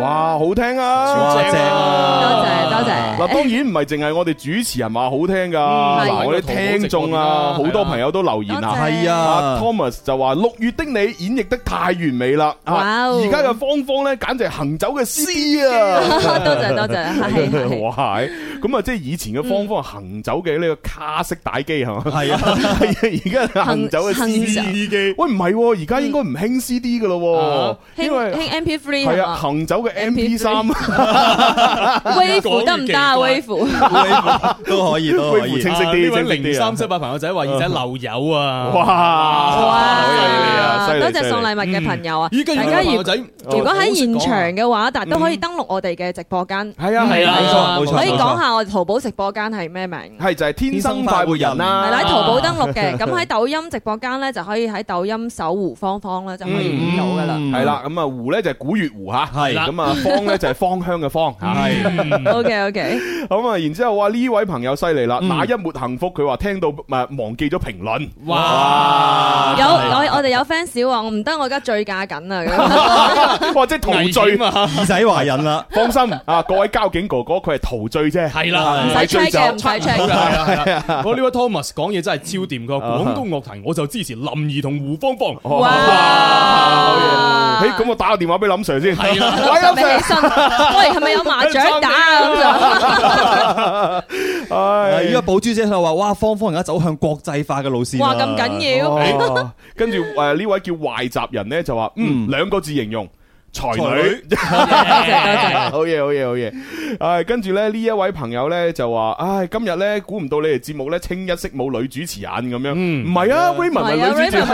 [SPEAKER 2] 哇，好聽啊，正啊，多謝多謝。嗱，當然唔係淨係我哋主持人話好聽噶嗱，我哋聽眾啊，好多朋友都留言啊，係啊，Thomas 就話六月的你演繹得太完美啦，而家嘅芳芳咧簡直係行走嘅 C D 啊，多謝多謝。係，哇，咁啊，即係以前嘅芳芳行走嘅呢個卡式打機係嘛？係啊，而家行走嘅 C D 機。喂，唔係，而家應該唔興 C D 噶咯
[SPEAKER 5] 因為興 M P three 係啊，行
[SPEAKER 2] 走嘅。M P 三，威虎得唔得啊？威虎都可
[SPEAKER 4] 以咯，威虎清晰啲，正啲啊！零三七八啊，朋友仔話而家流油啊！哇哇，
[SPEAKER 5] 多謝送禮物嘅朋友啊！大家如果如果喺現場嘅話，但係都可以登錄我哋嘅直播間。係啊，係啦，可以講下我哋淘寶直播間係咩名？
[SPEAKER 2] 係就係天生快活人啦。喺淘寶登錄嘅，咁喺
[SPEAKER 5] 抖音直播間咧，就可以喺抖音搜胡芳芳啦，就可以見到噶啦。
[SPEAKER 2] 係啦，咁啊胡咧就係古月胡吓，係咁。方芳咧就係芳香嘅芳，係，OK OK，咁啊，然之後哇，呢位朋友犀利啦，打一抹幸福，佢話聽到咪忘記咗評論，哇，有我我
[SPEAKER 5] 哋有 fans 話，我唔得，我而家醉駕緊啊，哇，
[SPEAKER 2] 即係陶醉啊，耳仔懷孕啦，放心啊，各位交警哥哥，佢係陶醉啫，係啦，唔係醉酒，唔係醉酒，係我呢位 Thomas 講嘢真係超掂噶，廣東樂壇我就支持林兒同胡芳芳，哇，好嘢！咁我打個電話俾林 Sir 先，
[SPEAKER 4] 未起身， 喂，係咪有麻雀打啊
[SPEAKER 2] 咁樣？而
[SPEAKER 4] 家寶珠姐就話，哇，芳芳，而家走向國際化嘅路線
[SPEAKER 3] 啦。哇，咁緊要。
[SPEAKER 2] 跟住誒，呢位叫壞集人咧就話， 嗯，兩個字形容。才女，好嘢好嘢好嘢！唉，跟住咧呢一位朋友咧就話，唉，今日咧估唔到你哋節目咧清一色冇女主持人咁樣，唔係啊，Raymond 係女主持人，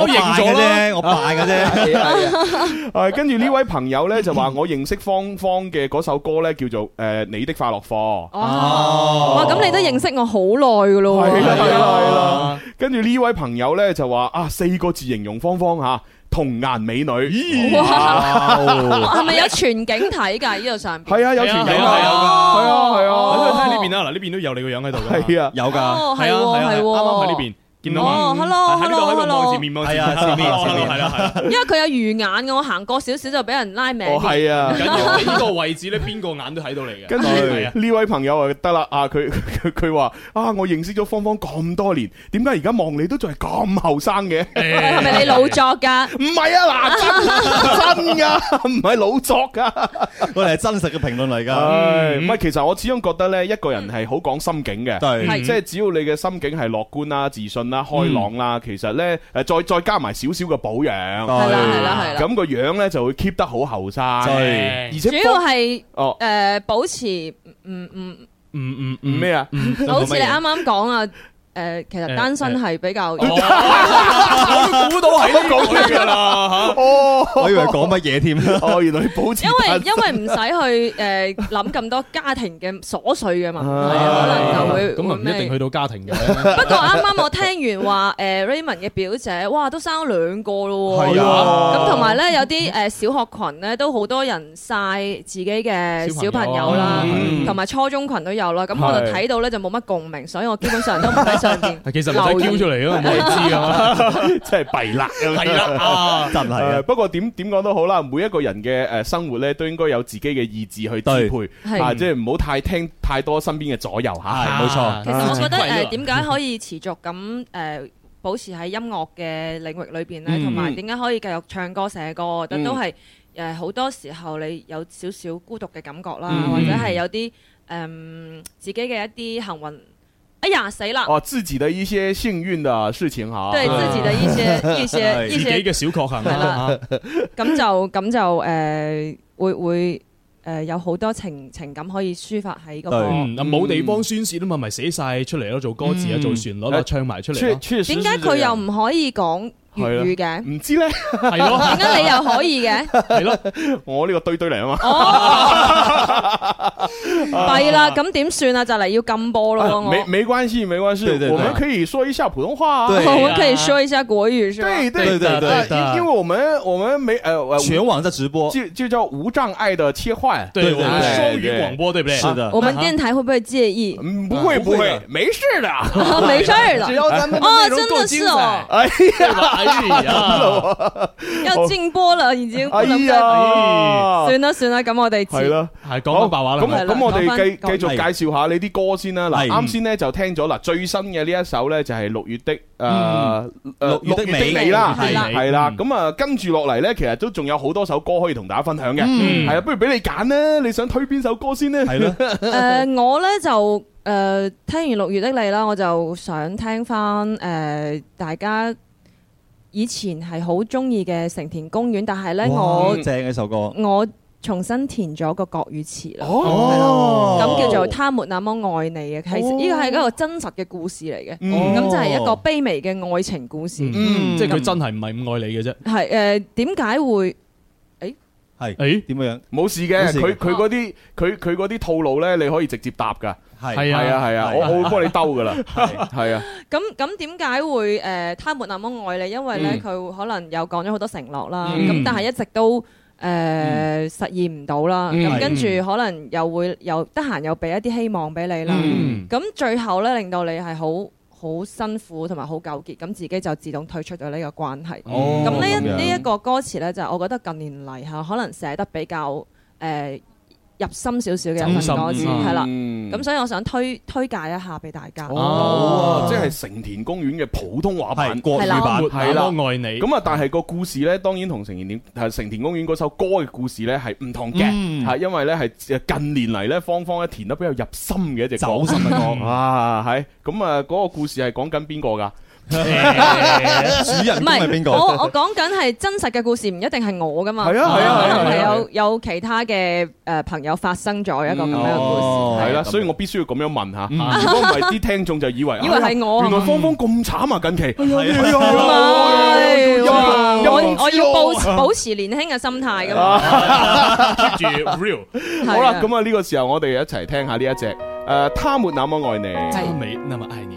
[SPEAKER 4] 我贏咗啦，我
[SPEAKER 2] 敗嘅啫。唉，跟住呢位朋友咧就話，我認識芳芳嘅嗰首歌咧叫做誒你的快樂課，啊，哇，咁你都
[SPEAKER 5] 認識我好耐噶咯，係啦，係啦。
[SPEAKER 2] 跟住呢位朋友咧就話，啊四個字形容芳芳吓。童顏美女，咦、哦哇？係
[SPEAKER 5] 咪喊有全景睇㗎？呢度 上邊係啊， 係係有全
[SPEAKER 2] 景㗎，係 啊，係啊，你去睇下呢邊啊？嗱、啊，呢、啊啊嗯、邊都有你個樣喺度㗎，係啊，有㗎，係啊，係的啊，啱啱喺呢邊。hello，hello，hello，係啊，係啦，係啦，
[SPEAKER 5] 因為佢有魚眼嘅，我行過少少就俾人拉名。係啊，
[SPEAKER 2] 呢個位置咧，邊個眼都睇到你嘅。跟住呢位朋友啊，得啦，啊，佢佢話啊，我認識咗芳芳咁多年，點解而家望你都仲係咁後生嘅？係咪你老作噶？唔係啊，嗱，真真噶，唔係老作噶，我哋係真實嘅評論嚟噶。唔係，其實我始終覺得咧，一個人係好講心境嘅，即係只要你嘅心境係樂觀啦，自信啦。開朗啦，嗯、其實咧，誒，再再加埋少少嘅保養，係啦，係啦，係啦，咁個樣咧就會 keep 得好後生，係對，而且主要係，哦，
[SPEAKER 5] 誒、呃，保持，唔唔唔唔
[SPEAKER 2] 唔唔咩啊，好似、呃呃呃、你啱
[SPEAKER 5] 啱講啊。 誒，其實單身係比較，我估到係呢句㗎啦嚇，
[SPEAKER 4] 我以為講乜嘢添？哦，原來保持，因為因為
[SPEAKER 5] 唔使去誒諗咁多家庭嘅瑣碎嘅嘛，係啊，
[SPEAKER 2] 可能就會咁，唔一定去到家庭嘅。不
[SPEAKER 5] 過啱啱我聽完話誒 Raymond 嘅表姐，哇，都生咗兩個咯，係啊，咁同埋咧有啲誒小學羣咧都好多人晒自己嘅小朋友啦，同埋初中羣都有啦，咁我就睇到咧就冇乜共鳴，所以我基本上都唔使。
[SPEAKER 2] 其實唔使叫出嚟噶嘛，冇嘢知啊，即係弊啦，弊啦啊，真係啊！不過點點講都好啦，每一個人嘅誒生活咧都應該有自己嘅意志去支配，啊，即係唔好太聽太多身邊嘅左右吓，冇錯。其實我覺得誒，點解
[SPEAKER 5] 可以持續咁誒保持喺音樂嘅領域裏邊咧，同埋點解可以繼續唱歌寫歌，但都係誒好多時候你有少少孤獨嘅感覺啦，或者係有啲誒自己嘅一啲幸運。哎呀，死啦！哦，
[SPEAKER 2] 自己嘅一些幸運的事情吓，對自己的一些一些一些一個小確幸係
[SPEAKER 5] 啦。咁就咁就誒，會會誒，有好多情情感可以抒發喺嗰度。冇地方
[SPEAKER 2] 宣泄啊嘛，咪寫晒出嚟咯，做歌詞啊，做旋律咯，唱埋出嚟咯。點解佢又
[SPEAKER 5] 唔可以講？粵語嘅，唔知咧，係咯？點解你又可以嘅？係
[SPEAKER 2] 咯，我呢個堆堆嚟啊嘛。
[SPEAKER 5] 哦，弊啦，咁點算啊？就嚟要禁播咯。沒
[SPEAKER 2] 沒關係，沒關係，我們可以說一下普通話啊。對。我們可以說一下國語是吧？對對對對。因為我們我們沒誒，全網在直播，就就叫無障礙的切換，對，雙語廣播，對不對？是的，我們
[SPEAKER 5] 電台會不會介意？嗯，不會不會，
[SPEAKER 2] 沒事的，沒事的。只要咱們啊，真的是哦，哎呀。
[SPEAKER 5] 啊！要轉波啦，然之，哎呀，算啦算啦，咁我哋係啦，係講白話啦。咁咁，我哋繼繼續介
[SPEAKER 2] 紹下你啲歌先啦。嗱，啱先咧就聽咗嗱最新嘅呢一首咧就係六月的誒誒六月的你啦，係啦，係啦。咁啊跟住落嚟咧，其實都仲有好多首歌可以同大家分享嘅。係啊，不如俾你揀咧，你想推邊首歌先咧？係啦，誒，
[SPEAKER 5] 我咧就誒聽完六月的你啦，我就想聽翻誒大家。以前係好中意嘅成田公園，但係呢，哇我，正嘅首歌，我重新填咗個國語詞啦，咁叫做他沒那麼愛你嘅，其實呢個係一個真實嘅故事嚟嘅，咁、哦嗯、就係一個卑微嘅愛情故事，嗯嗯、即係佢真係
[SPEAKER 2] 唔係咁愛你嘅啫，
[SPEAKER 5] 係誒點解會？
[SPEAKER 2] 係，點樣樣？冇事嘅，佢佢嗰啲佢佢啲套路咧，你可以直接答噶。係係啊係啊，我我會幫你兜噶啦。係啊。
[SPEAKER 5] 咁咁點解會誒，他沒那麼愛你？因為咧，佢可能又講咗好多承諾啦。咁但係一直都誒實現唔到啦。咁跟住可能又會又得閒又俾一啲希望俾你啦。咁最後咧，令到你係好。好辛苦同埋好糾結，咁自己就自動退出咗呢個關係。咁呢一呢一個歌詞呢，就我覺得近年嚟吓可能寫得比較誒，呃入心少少嘅，係啦、嗯，咁所以我想推推介一下俾
[SPEAKER 2] 大家。哦，哦，即係成田公園嘅普通話版，國語版，那麼愛你。咁啊，但係個故事呢，當然同成田點係成田公園嗰首歌嘅故事呢係唔同嘅，係、嗯、因為呢係近年嚟呢，芳芳呢填得比較入心嘅一隻歌。走心嘅歌 啊，係咁啊，嗰、那個故事係講緊邊個㗎？主人唔係邊個？我我
[SPEAKER 5] 講緊係真實嘅故事，唔一定係我噶嘛。係啊係啊，可能係有有其他嘅誒朋友發生咗一個咁樣嘅故
[SPEAKER 2] 事，係啦。所以我必須要咁樣問下。如果唔係啲聽眾就以為以為係我。原來芳芳咁慘啊！近期我要保保
[SPEAKER 5] 持年輕嘅心態噶嘛。
[SPEAKER 2] keep 住 real 好啦，咁啊呢個時候我哋一齊聽下呢一隻誒，他沒那麼愛你，他沒那麼愛你。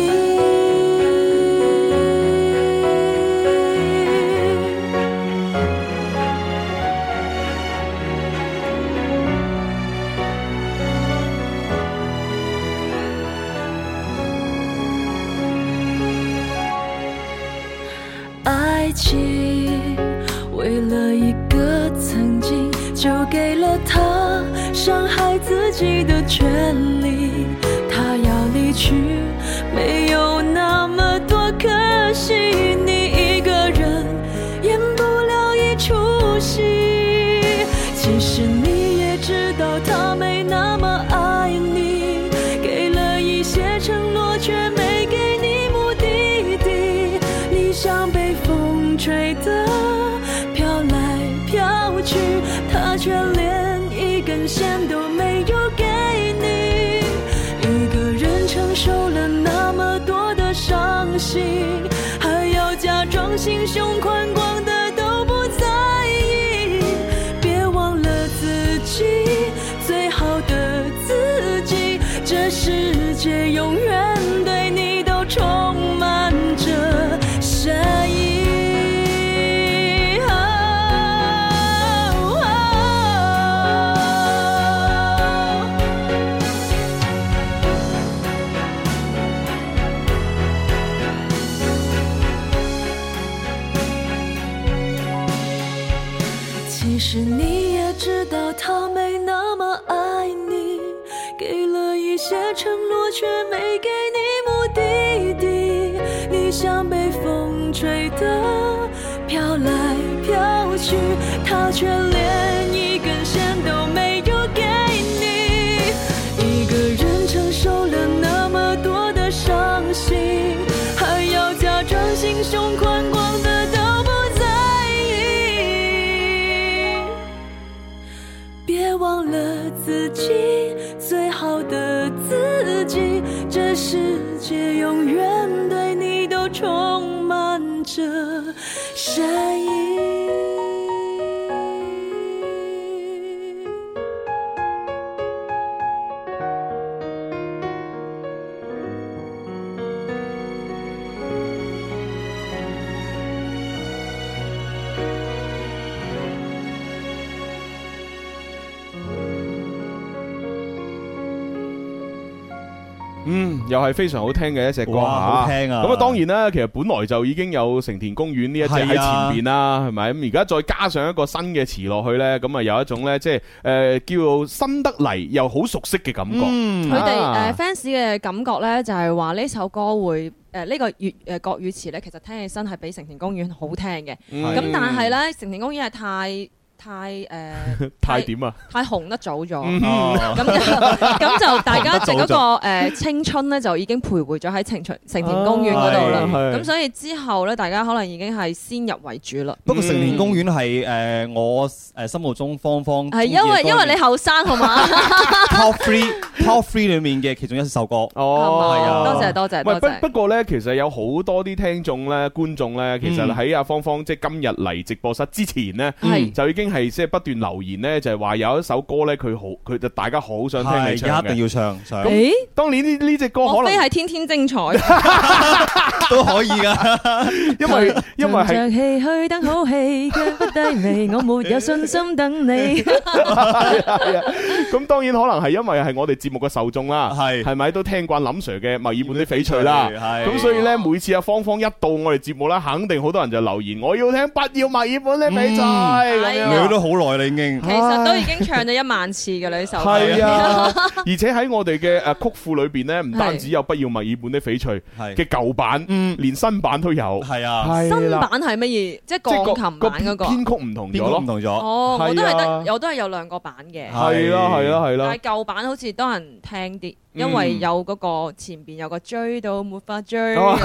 [SPEAKER 1] 就給了他傷害自己的權利，他要離去，沒有。還要假裝心胸寬廣。
[SPEAKER 2] 係非常好聽嘅一隻歌，哇啊、好聽啊！咁啊、嗯，當然啦，其實本來就已經有《成田公園》呢一隻喺前面啦，係咪、啊？咁而家再加上一個新嘅詞落去咧，咁啊，有一種咧，即係誒、呃，叫做新得嚟又好熟悉嘅感覺。佢哋誒
[SPEAKER 5] fans 嘅感覺咧，就係話呢首歌會誒呢、呃這個粵誒、呃、國語詞咧，其實聽起身係比成、嗯《成田公園》好聽嘅。咁但係咧，《成田公園》係太。太誒太點啊？太紅得早咗，咁咁就大家剩嗰個誒青春咧，就已經徘徊咗喺情場成田公園度啦。咁所以之後咧，大家可能已經係先入為主啦。不過成田公
[SPEAKER 4] 園係誒我誒心目中芳芳係因為因為你
[SPEAKER 5] 後生，好嘛
[SPEAKER 4] ？Top Three Top Three
[SPEAKER 2] 裏面嘅其中一首歌哦，係啊，多謝多謝多謝。不過咧，其實有好多啲聽眾咧、觀眾咧，其實喺阿芳芳即係今日嚟直播室之前咧，就已經。係即係不斷留言咧，就係話有一首歌咧，佢好佢就大家好想聽你唱嘅。係一定要唱。咁
[SPEAKER 5] 當年呢呢隻歌可能係天天精彩，
[SPEAKER 2] 都可以噶。因為因為係。用
[SPEAKER 5] 著唏等好戲，腳不低微，我沒有信
[SPEAKER 1] 心等你。
[SPEAKER 2] 咁當然可能係因為係我哋節目嘅受眾啦，係係咪都聽慣林 Sir 嘅《墨爾本啲翡翠》啦？咁所以咧，每次阿芳芳一到我哋節目咧，肯定好多人就留言，我要聽，不要墨爾本啲翡翠咁樣。佢都好耐啦，已經其實都已
[SPEAKER 5] 經唱咗一萬次㗎喇呢首歌，係啊！
[SPEAKER 2] 而且喺我哋嘅誒曲庫裏邊咧，唔單止有不要墨爾本的翡翠嘅舊版，嗯，連新版都有，係啊！新版
[SPEAKER 5] 係乜嘢？即係鋼琴版嗰個編曲唔同咗咯，唔同咗。哦，我都係得，我都係有兩個版嘅。係咯，係咯，係咯。但係舊版好似多人聽啲。因為有嗰、那個、嗯、前邊有個追到沒法追，哦、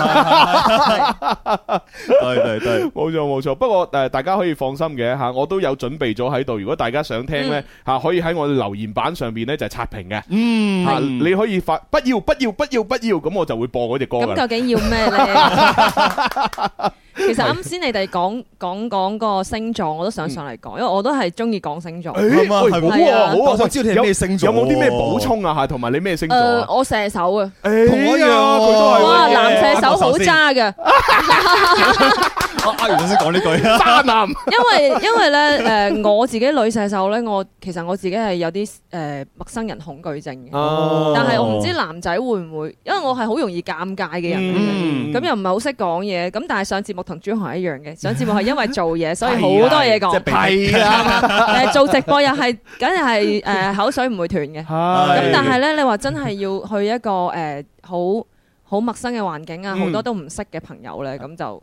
[SPEAKER 2] 對對對，冇錯冇錯。不過誒，大家可以放心嘅吓，我都有準備咗喺度。如果大家想聽呢，吓、嗯啊，可以喺我留言板上面呢就係刷屏嘅，嗯吓，你可以發不要不要不要不要，咁我就會播嗰隻歌。咁究
[SPEAKER 5] 竟要咩呢？ 其實啱先你哋講講講個星座，我都想上嚟講，因為我都係中意講星座。係嘛，係，
[SPEAKER 2] 我知你咩星座，有冇啲咩補充啊？吓，同埋你咩星座？
[SPEAKER 5] 我射手啊，哎呀，佢都係哇，男射手好渣㗎。
[SPEAKER 4] 阿阿元先講呢句啊，渣男。
[SPEAKER 5] 因為因為咧，誒，我自己女射手咧，我其實我自己係有啲誒陌生人恐懼症嘅。哦。但係我唔知男仔會唔會，因為我係好容易尷尬嘅人，咁又唔係好識講嘢。咁但係上節目同轉行一樣嘅，上節目係因為做嘢，所以好多嘢講。係啊。誒，做直播又係，梗係係誒口水唔會斷嘅。係。咁但係咧，你話真係要去一個誒好好陌生嘅環境啊，好多都唔識嘅朋友咧，咁就。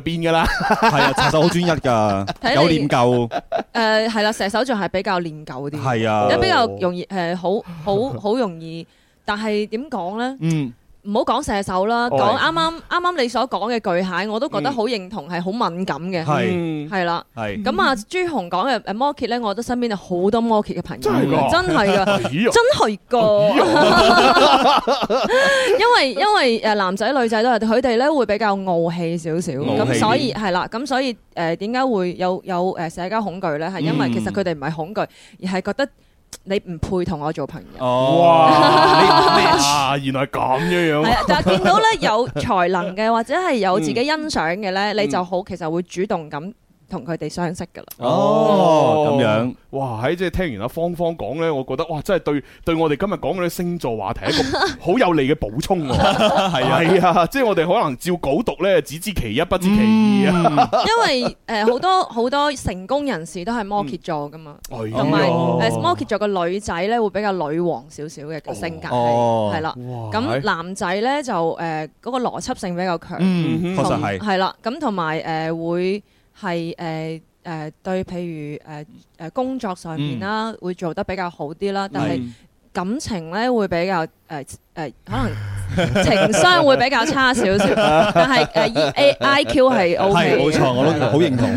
[SPEAKER 2] 變噶啦，係 啊，射手好專一噶，有念舊。
[SPEAKER 5] 誒，係啦，射手座係比較念舊
[SPEAKER 2] 啲，係啊，比較
[SPEAKER 5] 容易誒、哦呃，好好好容易。但係點講咧？嗯。唔好講射手啦，講啱啱啱啱你所講嘅巨蟹，我都覺得好認同，係好、嗯、敏感嘅，係啦是。係咁啊，朱紅講嘅摩羯咧，我覺得身邊好多摩羯嘅朋友，真係噶，真係噶，真係噶。因為因為誒男仔女仔都係，佢哋咧會比較傲氣少少，咁所以係啦，咁所以誒點解會有有誒社交恐懼咧？係因為其實佢哋唔係恐懼，而係覺得。你唔配同我做朋友。哦。哇，
[SPEAKER 2] 原來咁樣樣。 係啊，但見到咧有
[SPEAKER 5] 才能嘅，或者係有自己欣賞嘅咧，嗯、你就好其實會主動咁。同佢哋相識噶啦，哦，
[SPEAKER 2] 咁樣，哇，喺即係聽完阿芳芳講咧，我覺得哇，真係對對，我哋今日講嗰啲星座話題一個好有利嘅補充，係啊，係啊，即係我哋可能照稿讀咧，只知其一，不知其二啊。
[SPEAKER 5] 因為誒，好多好多成功人士都係摩羯座噶嘛，
[SPEAKER 2] 同埋誒，摩
[SPEAKER 5] 羯座嘅女仔咧會比較女王少少嘅個性格係啦，咁男仔咧就誒嗰個邏輯性比較強，嗯，確實係係啦，咁同埋誒會。係誒誒對，譬如誒誒、呃呃、工作上面啦，會做得比較好啲啦，但係感情咧會比較。誒誒，可能情商會比較差少少，但係誒 I Q 係 O K，冇
[SPEAKER 2] 錯，我都好認同，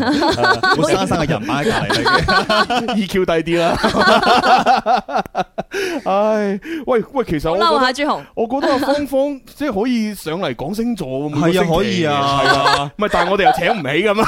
[SPEAKER 2] 生生嘅人馬嚟嘅，EQ 低啲啦。唉，喂喂，其實我，嬲下朱紅我覺得芳芳即係可以上嚟講星座，係啊，可以啊，係啊，唔係，但係我哋又請唔起嘅咩？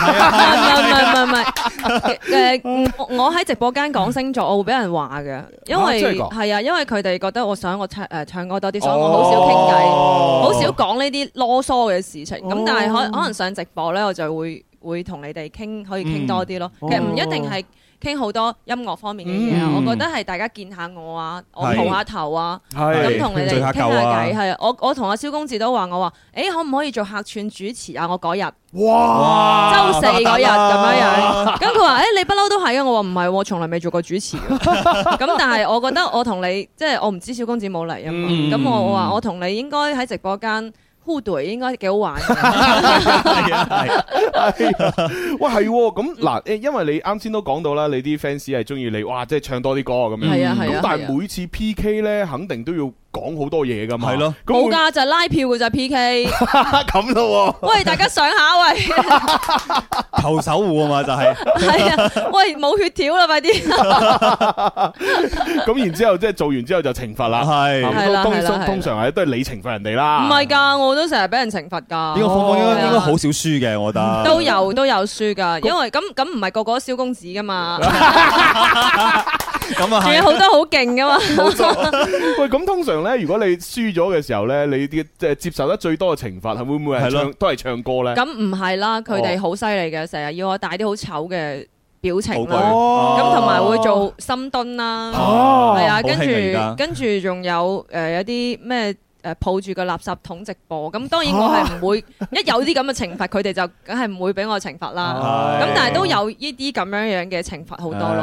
[SPEAKER 5] 唔係唔係唔係，誒，我喺直播間講星座，我會俾人話㗎，因為係啊，因為佢哋覺得我想我出唱歌多啲，所以我好少傾偈，好、哦、少講呢啲囉嗦嘅事情。咁、哦、但係可可能上直播呢，我就會會同你哋傾，可以傾多啲咯。嗯、其實唔一定係。傾好多音樂方面嘅嘢啊！嗯、我覺得係大家見下我啊，我蒲下頭啊，咁同是你哋傾下偈。係、啊、我我同阿蕭公子都話我話，誒、欸、可唔可以做客串主持啊？我嗰日，哇，週四嗰日咁樣樣。咁佢話誒你不嬲都係啊！啊欸、我話唔係，我從來未做過主持嘅咁 但係我覺得我同你，即係我唔知蕭公子冇嚟啊嘛。咁、嗯嗯、我我話我同你應該喺直播間。Who do？應該幾好
[SPEAKER 2] 玩啊！係啊係啊！哇係喎，咁嗱誒，因為你啱先都講到啦，你啲 fans 係中意你哇，即係唱多啲歌咁樣。係啊係啊。咁但係每次 PK 咧，肯定都要。講好多嘢噶嘛，係咯，
[SPEAKER 5] 冇噶就拉票噶就 PK，咁咯，喂大家上下喂，
[SPEAKER 2] 求守護啊嘛就係，係啊，
[SPEAKER 5] 喂冇血條啦快啲，
[SPEAKER 2] 咁然之後即係做完之後就懲罰啦，係，通通常係都係你懲罰人哋啦，唔係
[SPEAKER 5] 噶，我都成日俾人懲罰噶，呢個芳芳應該應
[SPEAKER 2] 該好少
[SPEAKER 4] 輸嘅，我覺得，
[SPEAKER 5] 都有都有輸噶，因為咁咁唔係個個蕭公子噶嘛。
[SPEAKER 2] 咁啊，係、就是，仲有好多
[SPEAKER 5] 好勁噶嘛！
[SPEAKER 2] 很多笑喂，咁通常咧，如果你輸咗嘅時候咧，你啲即係接受得最多嘅懲罰係會唔會係唱都係唱歌咧？咁
[SPEAKER 5] 唔係啦，佢哋好犀利嘅，成日要我帶啲好醜嘅表情咁同埋會做深蹲啦，係啊，跟住跟住仲有誒、呃，有啲咩？抱住個垃圾桶直播，咁當然我係唔會一有啲咁嘅懲罰，佢哋就梗係唔會俾我懲罰啦。咁但係都有呢啲咁樣樣嘅懲罰好多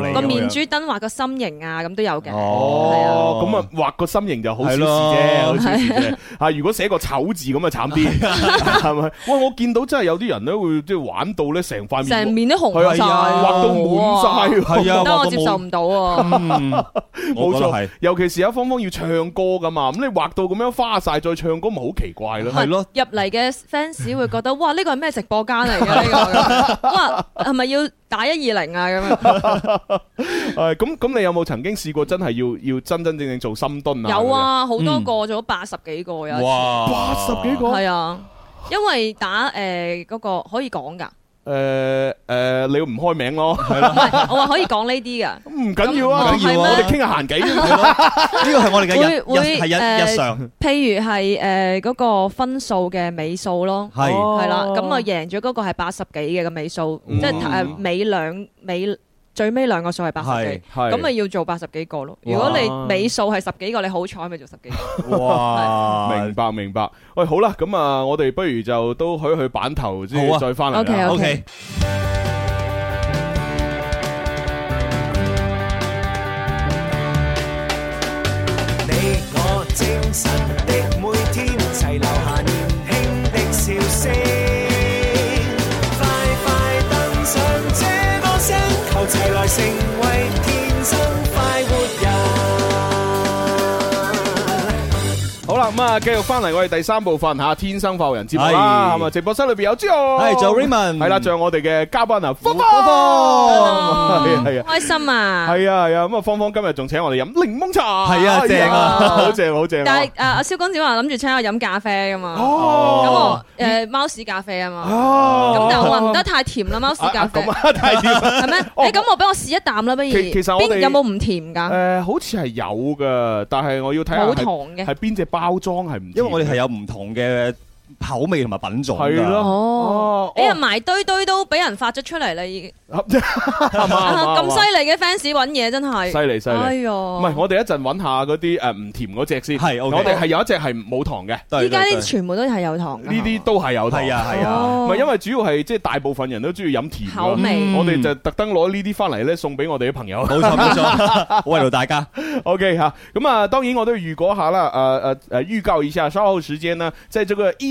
[SPEAKER 5] 咯，個面珠燈畫個心形啊，咁都有嘅。哦，
[SPEAKER 2] 咁啊畫個心形就好小事啫，好小事啫。啊，如果寫個醜字咁啊慘啲，係咪？喂！我見到真係有啲人咧會即係玩到咧成塊面成面都紅晒，畫到滿晒，覺得我接受唔到啊！冇錯，尤其是阿芳芳要唱歌噶嘛，咁你，白到咁樣花晒再唱歌咪好奇怪咯，係咯？
[SPEAKER 5] 入嚟嘅 fans 會覺得 哇，呢、呢個係咩直播間嚟嘅呢個？ 哇，係咪要打一二零啊？咁
[SPEAKER 2] 誒、 哎，咁咁你有冇曾經試過真係要要真真正正做深蹲啊？有啊，
[SPEAKER 5] 好多個咗八十幾個啊，八十哇幾個係啊，因為打誒嗰、呃嗰個可以講噶。
[SPEAKER 2] 誒誒、呃呃，你唔開名咯，係
[SPEAKER 5] 啦。我話可以講呢啲噶。唔
[SPEAKER 2] 緊要啊，係我哋傾下閒偈。呢個係我哋嘅日、 呃、日日，日，日，日常。呃、
[SPEAKER 5] 譬如係誒嗰個分數嘅尾數咯，係係啦。咁、哦嗯、啊贏咗嗰個係八十幾嘅個尾數，即係誒尾兩尾。兩兩最尾兩個數係八十幾，咁咪要做八十幾個咯。嘩如果你尾數係十幾個，你好彩咪做十幾個。哇嘩！
[SPEAKER 2] 是明白，明白。喂，好啦，咁啊，我哋不如就都去去板頭再再，之後再翻嚟 OK，OK。繼續翻嚟，我哋第三部分吓，天生化人節目，咁啊直播室裏邊有朱，係仲有 Raymond，係啦，仲有我哋嘅嘉賓啊，芳
[SPEAKER 5] 芳，
[SPEAKER 2] 開心啊，係啊係啊，咁啊芳芳今日仲請我哋飲檸檬茶，係啊正啊，好正好正。
[SPEAKER 5] 但係阿蕭公子話諗住請我飲咖啡噶嘛，哦，咁我誒貓屎咖啡啊嘛，哦，咁但我話唔得太甜啦，貓屎咖啡，太甜，係咩？咁我俾我試一啖啦，不如，其實有冇唔
[SPEAKER 2] 甜噶？誒，好似係有噶，但係我要睇下，好糖嘅，係邊隻包裝？因為我哋係有唔同嘅。口味同埋品種係咯哦，
[SPEAKER 5] 哎呀埋堆堆都俾人發咗出嚟啦，已
[SPEAKER 2] 經咁犀
[SPEAKER 5] 利嘅 fans 揾嘢真係犀利犀利，哎呀，唔係
[SPEAKER 2] 我哋一陣揾下嗰啲誒唔甜嗰隻先，係我哋係有一隻係冇糖嘅。依家啲全
[SPEAKER 5] 部都係有糖，呢
[SPEAKER 2] 啲都係有糖，係啊係啊，唔係因為主要係即係大部分人都中意飲甜口味，我哋就特登攞呢啲翻嚟咧送俾我哋嘅朋友，冇錯冇錯，好慰勞大家 OK 嚇，咁啊當然我都預告下啦，誒誒誒預告一下，稍後時間啦，即係這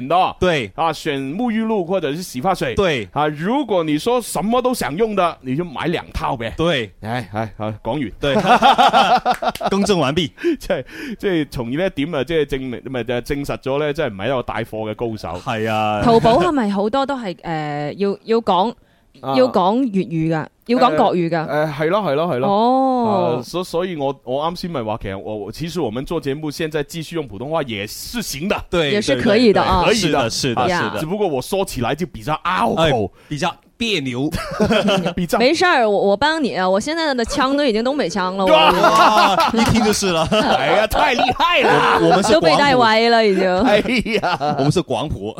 [SPEAKER 2] 選對啊，選沐浴露或者是洗髮水，對啊。如果你說什麼都想用的，你就買兩套唄。對，哎哎，講、啊、完，對，更正 完畢。 即係即係從呢一點啊，即係證明咪證實咗咧，即係唔係一個帶貨嘅高手。係是啊，淘寶係
[SPEAKER 5] 咪好多都係誒、呃、要要講？要講粵語噶，要講國語噶，
[SPEAKER 2] 誒係咯係咯係咯，哦，所所以，我我啱先咪話，其實我其實我們做節目，現在繼續用普通話也是行的，對，也是可以的啊，可以的，是的，是的，只不過我說起來就比較拗口，比較。烈
[SPEAKER 5] 牛，沒事，我我幫你啊，我現在的腔都已經東北腔了，
[SPEAKER 4] 一聽
[SPEAKER 2] 就是了，哎呀，太厲害了，我們都被帶歪了已經，哎呀，我們是廣普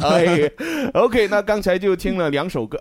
[SPEAKER 2] ，OK，那剛才就聽了兩首歌，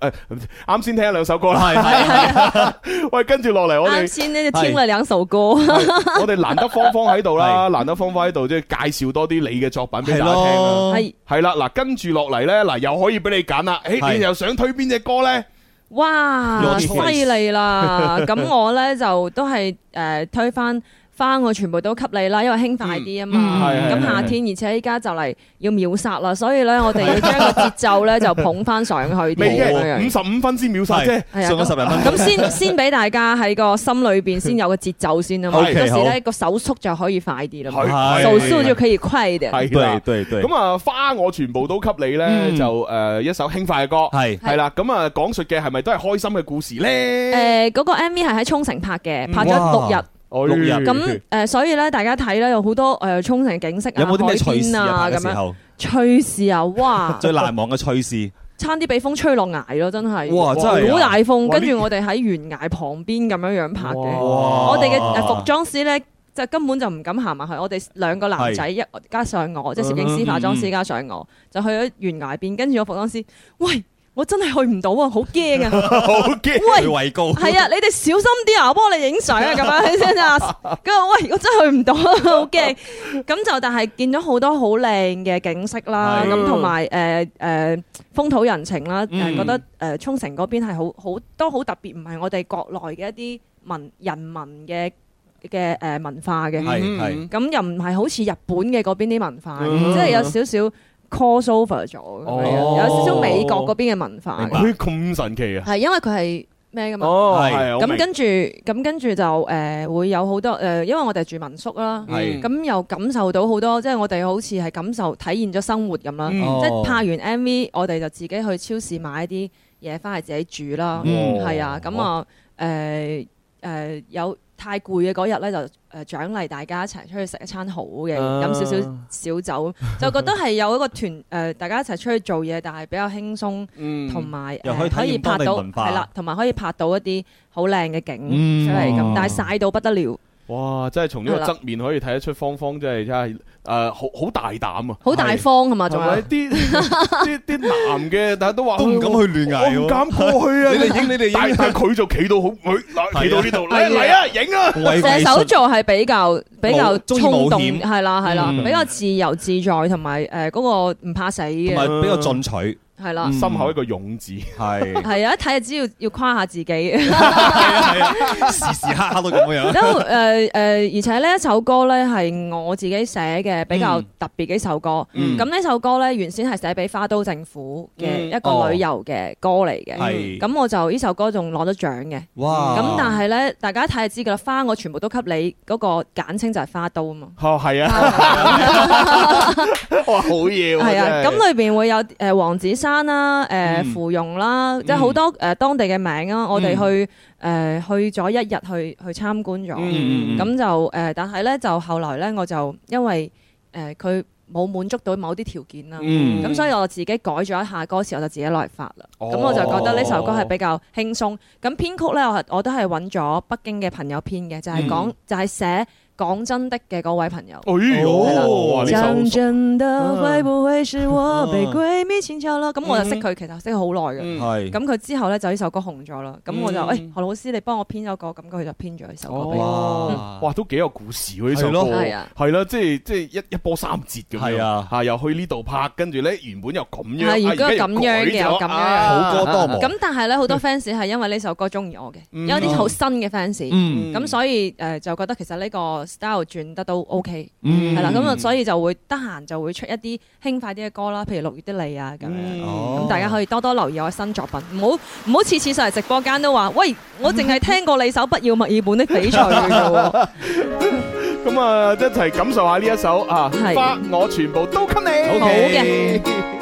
[SPEAKER 2] 啱先聽兩首歌啦，喂，跟住落嚟我哋先呢就聽咗
[SPEAKER 5] 兩首歌，我哋
[SPEAKER 2] 難得芳芳喺度啦，難得芳芳喺度，即係介紹多啲你嘅作品俾大家聽啦，係係啦，嗱，跟住落嚟咧，嗱又可以俾你揀啦，誒，你又想推邊隻歌咧？哇！犀利喇！咁 我
[SPEAKER 5] 呢，就都係誒、呃、推翻。花我全部都給你啦，因為輕快啲啊嘛，咁夏天，而且依家就嚟要秒殺啦，所以咧我哋要將個節奏咧就捧翻上去啲。五十五分先秒殺啫，上咗十零分。咁先先俾大家喺個心裏邊先有個節奏先啊嘛，到時咧個手速就可以快啲啦嘛。手速就可以快啲。係，
[SPEAKER 2] 咁啊，花我全部都給你咧，就誒一首輕快嘅歌，係係啦。咁啊，講述嘅係咪都係開心嘅故事咧？
[SPEAKER 5] 誒，嗰個 MV 係喺沖繩拍嘅，拍咗六日。咁誒，所以咧，大家睇咧，有好多誒，沖繩景色啊，有冇啲咩趣事啊？咁樣，趣事啊，哇！最
[SPEAKER 4] 難忘嘅趣事，
[SPEAKER 5] 差啲俾風吹落崖咯，真係，好大風，跟住我哋喺懸崖旁邊咁樣樣拍嘅，我哋嘅服裝師咧，就根本就唔敢行埋去，我哋兩個男仔一加上我，即係攝影師、化妝師加上我，就去咗懸崖邊，跟住我服裝師，喂！我真係去唔到啊，好驚啊！好驚，喂！喂係啊！你哋小心啲啊，幫我幫你影相啊，咁樣先啊！咁 喂，我真係去唔到，啊，好驚！咁就但係見咗好多好靚嘅景色啦，咁同埋誒誒風土人情啦，誒、嗯、覺得誒沖繩嗰邊係好好都好特別，唔係我哋國內嘅一啲文人民嘅嘅誒文化嘅，咁又唔係好似日本嘅嗰邊啲文化，嗯嗯、即係有少少。crossover 咗有少少美國嗰邊嘅文化。
[SPEAKER 2] 誒咁神奇啊！
[SPEAKER 5] 係因為佢係咩噶嘛？咁跟住，咁跟住就誒會有好多誒，因為我哋住民宿啦，咁又感受到好多，即係我哋好似係感受體驗咗生活咁啦。即係拍完 MV，我哋就自己去超市買啲嘢翻嚟自己煮啦。係啊，咁我誒誒有。太攰嘅嗰日咧就誒、呃、獎勵大家一齊出去食一餐好嘅，飲、啊、少少小酒， 就覺得係有一個團誒、呃，大家一齊出去做嘢，但係比較輕鬆，同埋可以拍到係啦，同埋可以拍到一啲好靚嘅景出嚟咁，但係曬到不得了。嗯。
[SPEAKER 2] 哇！真係從呢個側面可以睇得出，芳芳真係真係誒，好好大膽啊！好大方啊嘛？仲有啲啲男嘅大家都話唔敢去亂挨，我唔敢過去啊！你哋影你哋影，佢就企到好，佢企到呢度，嚟嚟啊影啊！射手
[SPEAKER 5] 座係比較比較衝動，係啦係啦，比較自由自在，同埋誒嗰個唔怕死嘅，同埋比較進
[SPEAKER 2] 取。係啦，心口一個勇字，係係
[SPEAKER 5] 啊，一睇就知要要誇下自己，
[SPEAKER 4] 係
[SPEAKER 2] 啊，時時刻刻都咁樣。
[SPEAKER 5] 都誒誒而且呢一首歌咧係我自己寫嘅比較特別嘅一首歌。咁呢首歌咧原先係寫俾花都政府嘅一個旅遊嘅歌嚟嘅。係，咁我就呢首歌仲攞咗獎嘅。
[SPEAKER 2] 哇！咁但
[SPEAKER 5] 係咧，大家一睇就知噶啦，花我全部都給你個簡稱就係花都啊嘛。
[SPEAKER 2] 哦，係啊。哇！好嘢，係啊，咁裏
[SPEAKER 5] 邊會有誒王子山。啦，誒、啊、芙蓉啦，嗯、即係好多誒、呃、當地嘅名啊！嗯、我哋去誒、呃、去咗一日去去參觀咗，咁、嗯、就誒、呃，但係咧就後來咧，我就因為誒佢冇滿足到某啲條件啦，咁、嗯、所以我自己改咗一下歌詞，我就自己來發啦。咁、哦、我就覺得呢首歌係比較輕鬆。咁編曲咧，我我都係揾咗北京嘅朋友編嘅，就係、是、講就係、是、寫。嗯講真的嘅嗰位朋友，哎喲，講真的會不會是我被鬼迷心竅了？咁我就識佢，其實識佢好耐嘅。係咁佢之後咧就呢首歌紅咗啦。咁我就誒何老師，你幫我編咗首歌，咁佢就編咗呢首歌俾我。
[SPEAKER 2] 哇，都幾有故事呢首歌。係啊，係啦，即係即係一一波三折嘅樣。係啊，又去呢度拍，跟住咧原本又咁樣，而家又咁樣嘅，咁樣好歌多磨。咁
[SPEAKER 5] 但係咧好多 fans 係因為呢首歌中意我嘅，有啲好新嘅 fans。嗯，咁所以誒就覺得其實呢個 style 轉得都 O K，係啦，咁啊，所以就會得閒就會出一啲輕快啲嘅歌啦，譬如《六月的你》啊咁樣，咁、嗯哦、大家可以多多留意我嘅新作品，唔好唔好次次上嚟直播間都話，喂，我淨係聽過你首不要墨爾本的比賽㗎喎，
[SPEAKER 2] 咁啊，一齊感受下呢一首啊，的發我全部都給你的，好嘅、okay。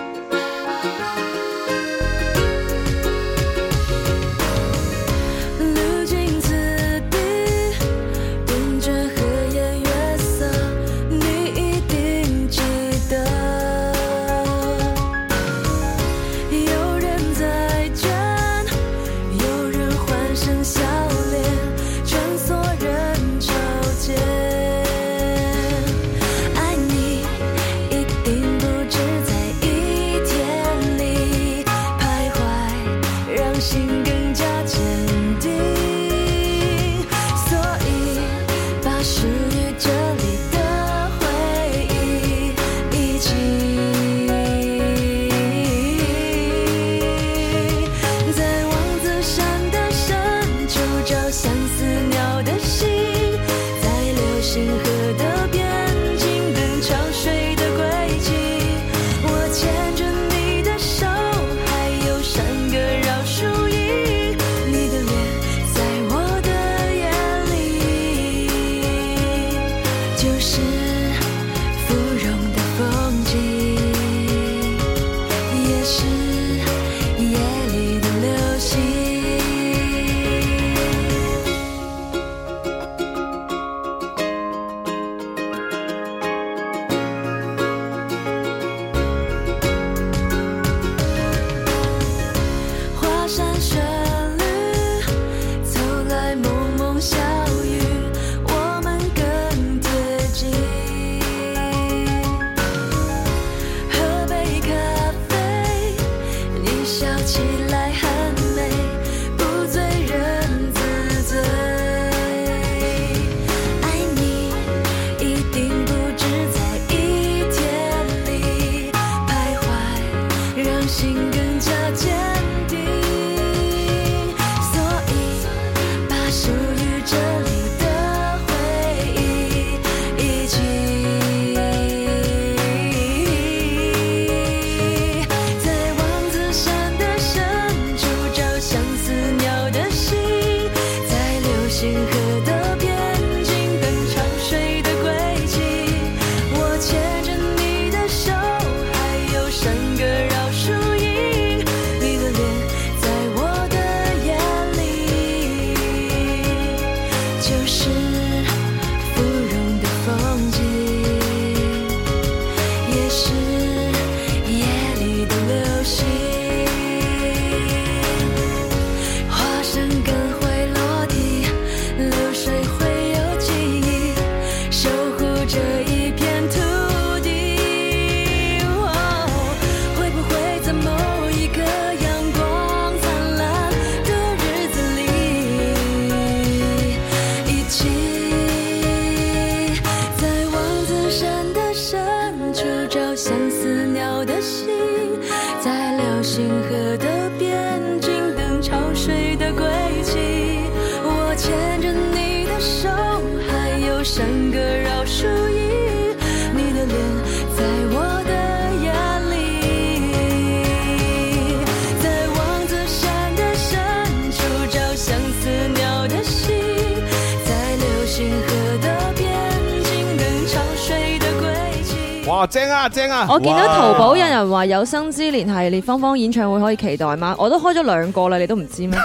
[SPEAKER 5] 我見到淘寶有人話有生之年系列芳芳演唱會可以期待嗎？我都開咗兩個啦，你都唔知咩？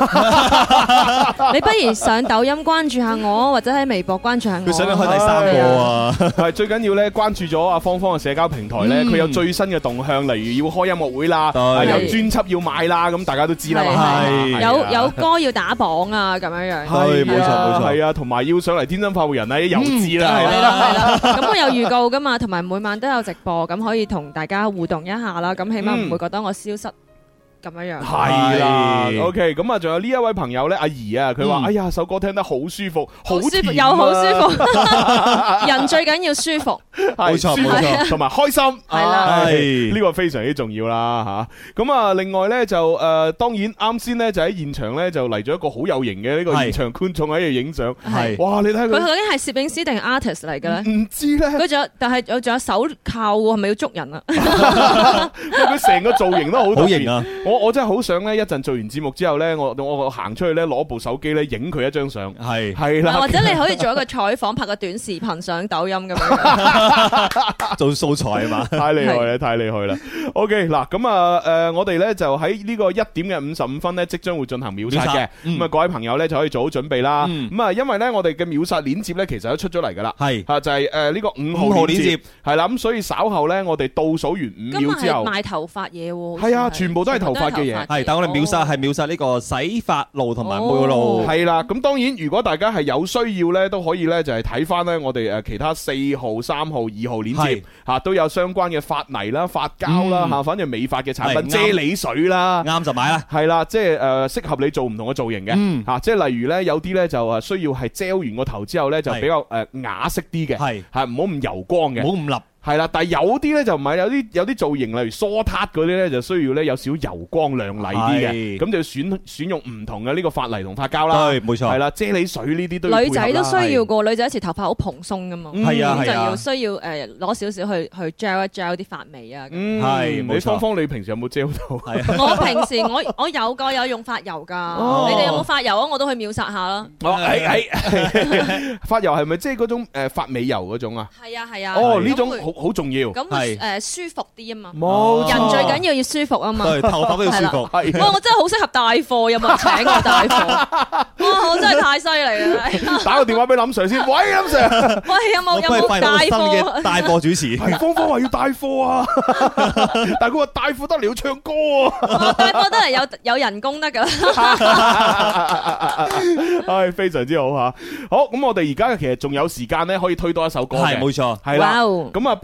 [SPEAKER 5] 你不如上抖音關注下我，或者喺微博關注下我。佢想開第三個
[SPEAKER 2] 啊！最緊要咧，關注咗阿芳芳嘅社交平台咧，佢有最新嘅動向，例如要開音樂會啦，有專輯要買啦，咁大家都知啦。係有有歌
[SPEAKER 5] 要打榜啊，咁樣樣。係冇錯冇
[SPEAKER 2] 錯，係啊！同埋要上嚟天津發會人咧，有知啦。係啦
[SPEAKER 5] 係啦，咁我有預告噶嘛，同埋每晚都有直播，咁可以。同大家互動一下啦，咁起碼唔會覺得我消失。嗯咁
[SPEAKER 3] 樣樣係啦
[SPEAKER 2] ，OK，咁啊，仲有呢一位朋友咧，阿姨啊，佢話：哎呀，首歌聽得好舒服，好舒服，又好舒服，
[SPEAKER 5] 人最緊要舒服，冇錯冇錯，同
[SPEAKER 2] 埋開心，係啦，係呢個非常之重要啦，吓咁啊，另外咧就誒，當然啱先咧就喺現場咧就嚟咗一個好有型嘅呢個現場觀眾喺度影相，係哇，你睇佢究
[SPEAKER 5] 竟係攝影師定係 artist 嚟嘅咧？唔知咧，佢仲有，但係有仲有手銬，係咪要捉人啊？
[SPEAKER 2] 佢成個造型都好型啊！我。我真係好想咧，一陣做完節目之後咧，我我行出去咧，攞部手機咧，影佢一張相，係係啦，或者你可以做
[SPEAKER 5] 一個採訪，拍個短視頻上抖音咁樣，
[SPEAKER 2] 做素材啊嘛，太厲害啦，太厲害啦。OK，嗱咁啊，誒，我哋咧就喺呢個一點嘅五十五分咧，即將會進行秒殺嘅，咁啊，各位朋友咧就可以做好準備啦。咁啊，因為咧我哋嘅秒殺鏈接咧，其實都出咗嚟噶啦，係吓就係誒呢個五號號鏈接係啦，咁所以稍後咧我哋倒數完五秒之後
[SPEAKER 5] 賣頭髮嘢係啊，全部都係頭髮。髮嘅嘢係，但係我哋秒
[SPEAKER 2] 殺係秒殺呢個洗髮露同埋沐浴露，係啦。咁當然，如果大家係有需要咧，都可以咧就係睇翻咧我哋誒其他四號、三號、二號鏈接吓，都有相關嘅髮泥啦、髮膠啦吓，反正美髮嘅產品、啫喱水啦，啱就買啦。係啦，即係誒適合你做唔同嘅造型嘅吓，即係例如咧有啲咧就誒需要係 gel 完個頭之後咧就比較誒啞色啲嘅，係，係唔好咁油光嘅，唔好咁立。係啦，但係有啲咧就唔係，有啲有啲造型例如梳塔嗰啲咧，就需要咧有少油光亮麗啲嘅，咁就要選選用唔同嘅呢個髮泥同髮膠啦。係，冇錯。係啦，啫喱水呢啲都女仔都需要
[SPEAKER 5] 噶，女仔有時頭髮好蓬鬆噶嘛，啊，咁，就要需要誒攞少少去去 gel 一 gel 啲髮尾啊。嗯，係，冇錯。
[SPEAKER 2] 你芳芳，你平時有冇 gel 頭？我
[SPEAKER 5] 平時我我有個有用髮油噶，你哋有冇髮油啊？我都去秒殺下啦。
[SPEAKER 2] 哦，係係，髮油係咪即係嗰種誒髮尾油嗰種啊？
[SPEAKER 5] 係啊係啊。哦，呢種好重要咁誒，舒服啲啊嘛，冇人最緊要要舒服啊嘛，頭髮都要舒服。哇，我真係好適合帶貨，有冇請個帶貨？哇，我真係太犀利啦！
[SPEAKER 2] 打個電話俾林 Sir 先，喂，林 Sir，
[SPEAKER 5] 喂，有冇
[SPEAKER 4] 有帶貨？帶貨
[SPEAKER 2] 主持，芳芳話要帶貨啊，但係佢話帶貨得嚟要唱歌啊，帶
[SPEAKER 5] 貨得嚟有有人工得噶，
[SPEAKER 2] 唉，非常之好吓。好，咁我哋而家其實仲有時間咧，可以推多一首歌係冇錯，係咁啊。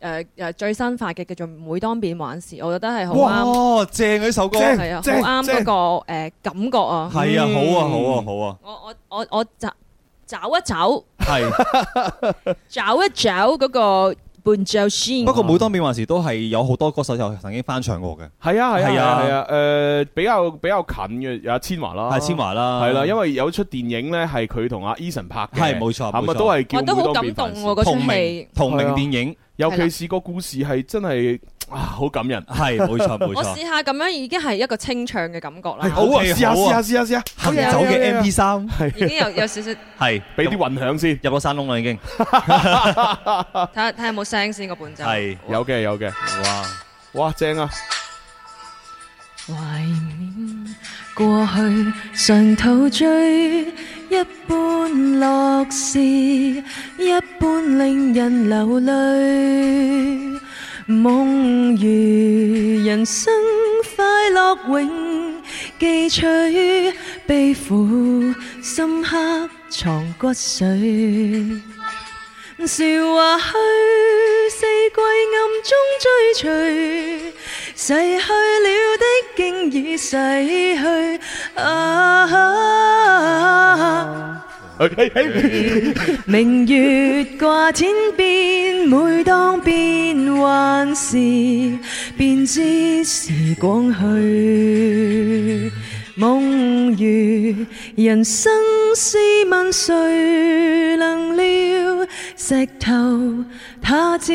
[SPEAKER 5] 誒誒最新發嘅叫做《每當變幻時》，我覺得係好啱。哇！
[SPEAKER 4] 正嗰首歌，係啊，好啱嗰
[SPEAKER 5] 個誒感覺啊。係啊，好啊，好啊，好啊！我我我我找找一找，
[SPEAKER 4] 係找一找嗰個伴奏先。不過《每當變幻時》都係有好多歌手
[SPEAKER 2] 又曾經翻唱過嘅。係啊，係啊，係啊，誒比較比較近嘅有阿千華嬅啦，係千嬅啦，係啦，因為有出電影咧，係佢同阿 Eason 拍嘅，係冇錯，係咪都係叫《每當變幻》嗰出戲同名電影。尤其是個故事係真係啊好感人，係冇錯冇錯。我試
[SPEAKER 5] 下咁樣已經係一個清唱嘅感覺啦。好啊，試
[SPEAKER 2] 下試下試下試下。行走嘅 MP3，已經有有少少。
[SPEAKER 4] 係俾啲混響先，入個山窿啦已經。
[SPEAKER 5] 睇下睇下有冇聲先個伴奏。係
[SPEAKER 2] 有嘅有嘅，哇哇正啊！
[SPEAKER 1] 懷念過去，常陶醉。一半樂事，一半令人流淚。夢如人生快樂，快樂永記取，悲苦深刻藏骨髓。韶華去，四季暗中追隨，逝去了的，竟已逝去。啊，明月掛天邊，每當變幻時，便知時光去。夢如人生，試問誰能料？石頭他朝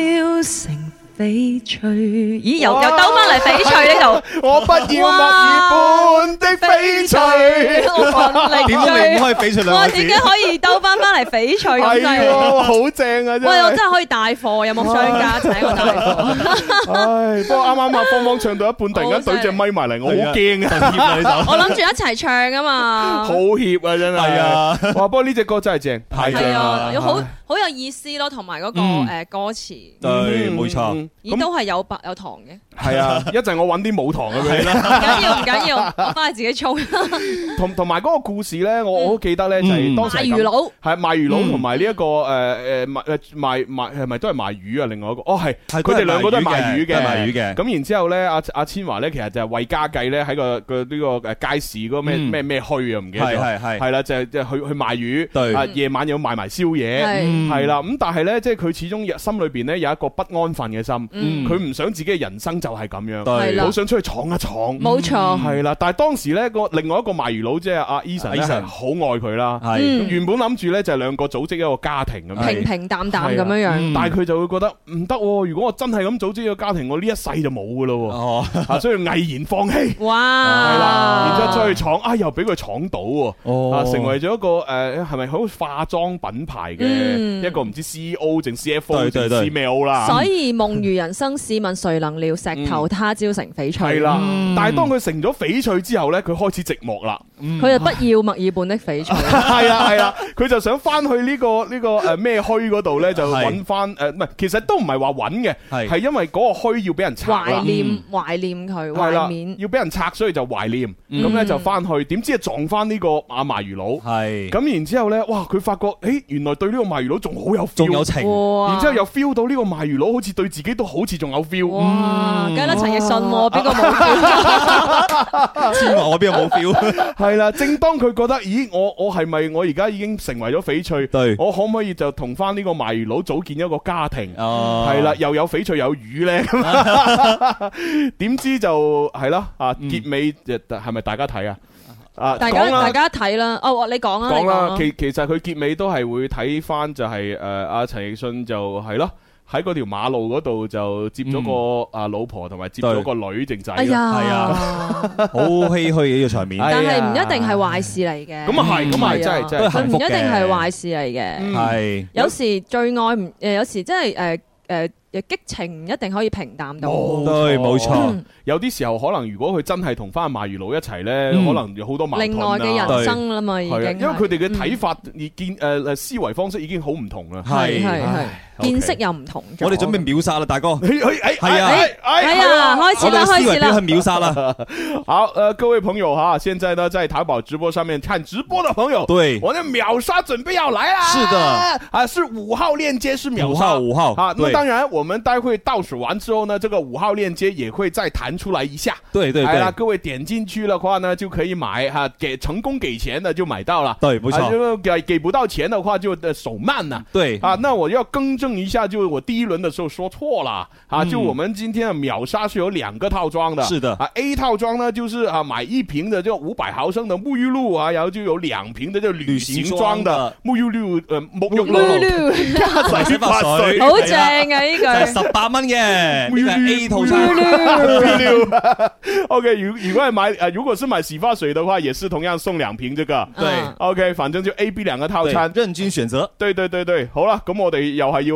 [SPEAKER 1] 成。翡翠，咦？又又兜翻嚟翡翠呢度？
[SPEAKER 5] 我不要半二的翡翠，我盡力追。點嚟都可以翡翠兩點，點解可以兜翻翻嚟翡翠好正啊！喂，我真係可以帶貨，有冇商家一齊個
[SPEAKER 2] 帶貨？不過啱啱啊，芳芳唱到一半，突然間對隻咪埋嚟，我好驚啊！我諗
[SPEAKER 5] 住一齊唱㗎嘛，
[SPEAKER 2] 好協啊真係啊！哇，不過呢隻歌真係正，太正啦！有好
[SPEAKER 5] 好有意思咯，同埋嗰個誒歌詞，
[SPEAKER 2] 對，冇錯。
[SPEAKER 5] 咦，都係有白有糖嘅。
[SPEAKER 2] 係啊，一陣我揾啲冇糖嘅俾你啦，緊
[SPEAKER 5] 要唔緊要？我翻去自己湊。
[SPEAKER 2] 同同埋嗰個故事咧，我好記得咧，就係賣魚佬。係賣魚佬同埋呢一個誒誒賣誒賣係咪都係賣魚啊？另外一個哦係，佢哋兩個都係賣魚嘅賣魚嘅。咁然之後咧，阿阿千華咧，其實就係為家計咧喺個個呢個誒街市嗰咩咩咩墟啊，唔記得咗。係係啦，就係即係去去賣魚。對。夜晚又賣埋宵夜。係。係啦。咁但係咧，即係佢始終心裏邊咧有一個不安分嘅心。嗯，佢唔想自己嘅人生就係咁樣，好想出去闖一闖，冇錯，係啦。但係當時咧個另外一個賣魚佬即係阿 Eason 好愛佢啦。係，原本諗住咧就係兩個組織一個家庭咁樣，平平
[SPEAKER 5] 淡淡咁樣樣。但係佢
[SPEAKER 2] 就會覺得唔得，如果我真係咁組織一個家庭，我呢一世就冇噶咯。所以毅然放棄。
[SPEAKER 5] 哇，係啦，然之後出去
[SPEAKER 2] 闖，啊，又俾佢闖到，成為咗一個誒，係咪好化妝品牌嘅一個唔知 CEO 定 CFO 定 CMO 啦。所
[SPEAKER 5] 以夢。如人生試問誰能料石頭
[SPEAKER 2] 他朝成翡翠？係啦，但係當佢成咗翡翠之後咧，佢開始寂寞啦。佢
[SPEAKER 5] 就不要墨爾本的翡
[SPEAKER 2] 翠。係啊係啊，佢就想翻去呢個呢個誒咩墟嗰度咧，就揾翻誒，唔係其實都唔係話揾嘅，係因為嗰個墟要俾人拆。懷念
[SPEAKER 5] 懷念佢，懷念
[SPEAKER 2] 要俾人拆，所以就懷念。咁咧就翻去，點知係撞翻呢個阿賣魚佬。係咁，然之後咧，哇！佢發覺誒原來對呢個賣魚佬仲好有 feel，仲有情。然之後又 feel 到呢個賣魚佬好似對自己。都好似仲有 feel，哇，梗係
[SPEAKER 5] 啦！陳奕迅，邊個
[SPEAKER 2] 冇 feel？話我邊個冇 feel？係啦，正當佢覺得，咦，我我係咪我而家已經成為咗翡翠？對，我可唔可以就同翻呢個賣魚佬組建一個家庭？哦，係啦，又有翡翠有魚呢。點知就係啦，啊，結尾係咪大家睇啊？啊，大家大
[SPEAKER 5] 家睇啦。哦，你講啦。講啦。其
[SPEAKER 2] 其實佢結尾都係會睇翻，就係誒，阿陳奕迅就係咯。喺嗰條馬路嗰度就接咗個啊老婆同埋接咗個女正仔，係啊，
[SPEAKER 4] 好唏噓嘅呢個場面。但係唔一定
[SPEAKER 5] 係壞事嚟嘅。咁啊係，咁啊真係真係佢唔一定係壞事嚟嘅。係有時最愛唔誒，有時真係誒誒，激情唔一定可以平淡到。
[SPEAKER 2] 對，冇錯。有啲時候可能，如果佢真係同翻阿麥如佬一齊咧，可能有好多麻煩。另外嘅人生啦嘛，已經因為佢哋嘅睇法而見誒誒思維方式已經好唔同啦。係係係。顏色又
[SPEAKER 5] 唔同，我哋準
[SPEAKER 2] 備秒殺啦，大哥。哎哎哎，哎
[SPEAKER 5] 哎哎，啊，開始了開始了。秒殺
[SPEAKER 2] 了。好，誒，各位朋友吓，現在呢在淘寶直播上面看直播的朋友，對，我哋秒殺準備要來啦。是的，啊，是五號鏈接，是秒殺。五號，五號。啊，那當然，我們待會倒數完之後呢，這個五號鏈接也會再彈出來一下。對對對。咁啊，各位點進去的話呢，就可以買吓，給成功給錢的就買到了。對，不錯。給給不到錢的話就手慢啦。對。啊，那我要跟住。正一下就我第一輪的時候說錯了啊，就我們今天的秒殺是有兩個套裝的，是的，啊 A 套裝呢就是啊買一瓶的就五百毫升的沐浴露啊，然後就有兩瓶的就旅行裝的沐浴露，呃沐浴露，洗髮水，好正啊呢個十八蚊嘅 A 套餐，O K 如如果買啊、呃、如果是買洗髮水的話，也是同樣送兩瓶這個，對，O K 反正就 A B 兩個套餐任君選擇，對對對對，好啦咁我哋又係要。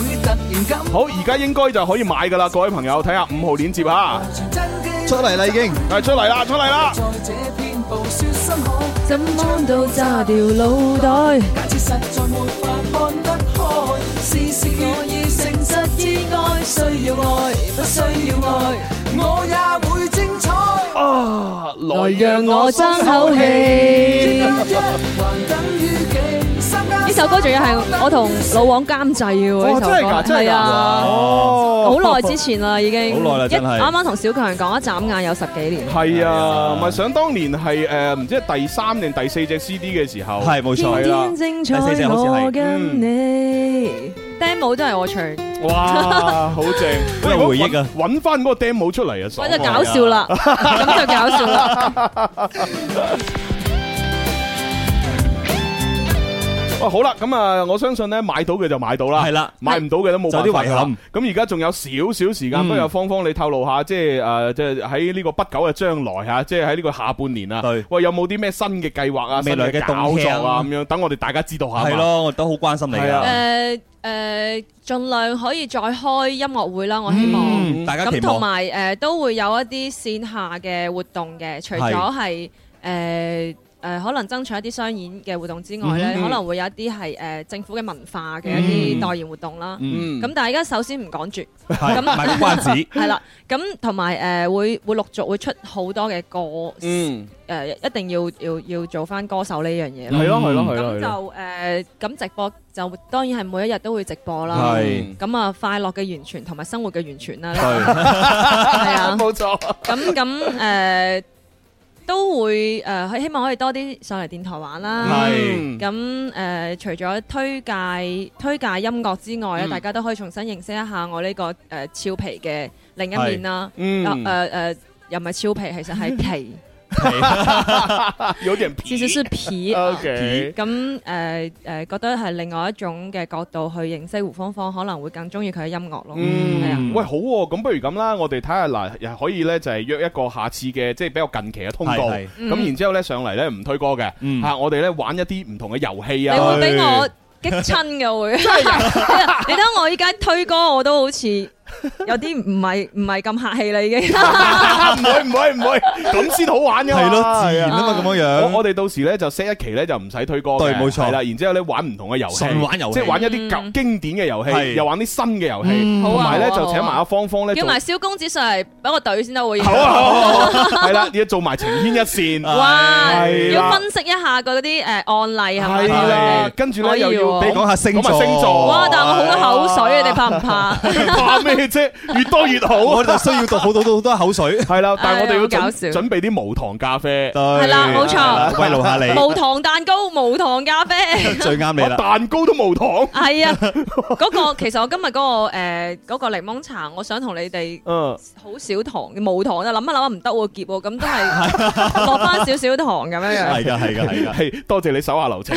[SPEAKER 2] 好，而家應該就可以買㗎喇，各位朋友，睇下五號鏈接啊！
[SPEAKER 1] 出嚟啦，已經係出嚟啦，出嚟啦！啊，
[SPEAKER 2] 來讓我爭口氣！呢首
[SPEAKER 1] 歌仲要係
[SPEAKER 5] 我同老王監製嘅，呢首歌係啊，好耐之前啦，已經好耐啦，真啱啱同小強講一眨眼有十幾年。
[SPEAKER 2] 係啊，唔係想當年係誒，唔知第三定第四隻 CD 嘅時候，係冇錯啦。第四隻
[SPEAKER 5] 你！DAM 武都係我唱。哇，
[SPEAKER 2] 好正，咩回憶啊？揾翻嗰 DAM 武出嚟啊！我就搞笑啦，咁就搞笑啦。好啦，咁啊，我相信咧，買到嘅就買到啦，係啦，買唔到嘅都冇辦法。有啲遺憾。咁而家仲有少少時間，不如芳芳，你透露下，即係誒，即係喺呢個不久嘅將來吓，即係喺呢個下半年啊。喂，有冇啲咩新嘅計劃啊？未來嘅動作啊，咁樣等我哋大家知道下。係咯，我都好關心你啊。誒誒，
[SPEAKER 5] 盡量可以再開音樂會啦，我希望。大家期望。咁同埋誒，都會有一啲線下嘅活動嘅，除咗係誒。誒可能爭取一啲商演嘅活動之外咧，可能會有一啲係誒政府嘅文化嘅一啲代言活動啦。咁但係而家首先唔講住，咁關子係啦。咁同埋誒會會陸續會出好多嘅歌，嗯，誒一定要要要做翻歌手呢樣嘢。係咯係咯係咯。咁就誒咁直播就當然係每一日都會直播啦。係。咁啊，快樂嘅源泉同埋生活嘅源泉啊，係啊，冇錯。咁咁誒。都會誒、呃，希望可以多啲上嚟電台玩啦。咁誒是、呃，除咗推介推介音樂之外咧，嗯、大家都可以重新認識一下我呢、這個誒俏、呃、皮嘅另一面啦。嗯，誒、呃呃、又唔係俏皮，其實係皮。 有點皮人，其實是皮。O K，咁誒誒，覺得係另外一種嘅角度去認識胡芳芳，可能會更中意佢嘅音樂咯。嗯，係啊。
[SPEAKER 2] 喂，好、哦，咁不如咁啦，我哋睇下嗱，又可以咧，就係、是、約一個下次嘅，即、就、係、是、比較近期嘅通告。咁是、嗯、然之後咧，上嚟咧唔推歌嘅。吓、嗯啊，我哋咧玩一啲唔同嘅遊戲啊。你會俾我
[SPEAKER 5] 激親㗎會？你睇我依家推歌我，我都好似。有啲唔係唔係咁客氣啦，已經唔會唔會唔會，咁先好玩嘅係咯，自然啊嘛咁
[SPEAKER 2] 樣樣。我哋到時咧就 set 一期咧就唔使推歌，對，冇錯。係啦，然之後咧玩唔同嘅遊戲，玩遊戲即係玩一啲舊經典嘅遊戲，又玩啲新嘅遊戲，同埋咧就請埋阿芳芳咧叫埋
[SPEAKER 5] 小公子，上嚟俾個隊先得喎。好啊，係啦，
[SPEAKER 2] 要做埋晴天一線，哇，要分
[SPEAKER 5] 析一下佢嗰啲誒案例係啦，
[SPEAKER 2] 跟住咧又要你講下星座，哇，但係我好多口水，你哋怕唔怕？怕咩？越多越好，我哋就需要讀好多好多口水，係啦。但係我哋要準備啲無糖咖啡，係啦，冇錯，慰勞下你。無糖
[SPEAKER 5] 蛋糕、無糖咖啡最啱你啦，
[SPEAKER 2] 蛋糕都無
[SPEAKER 3] 糖。
[SPEAKER 5] 係啊，嗰個其實我今日嗰個誒個檸檬茶，我想同你哋好少糖，無糖啦，諗下諗下唔得喎，澀喎，咁都係落翻少少糖咁樣樣。係噶係噶係噶，係
[SPEAKER 2] 多謝你手下留情。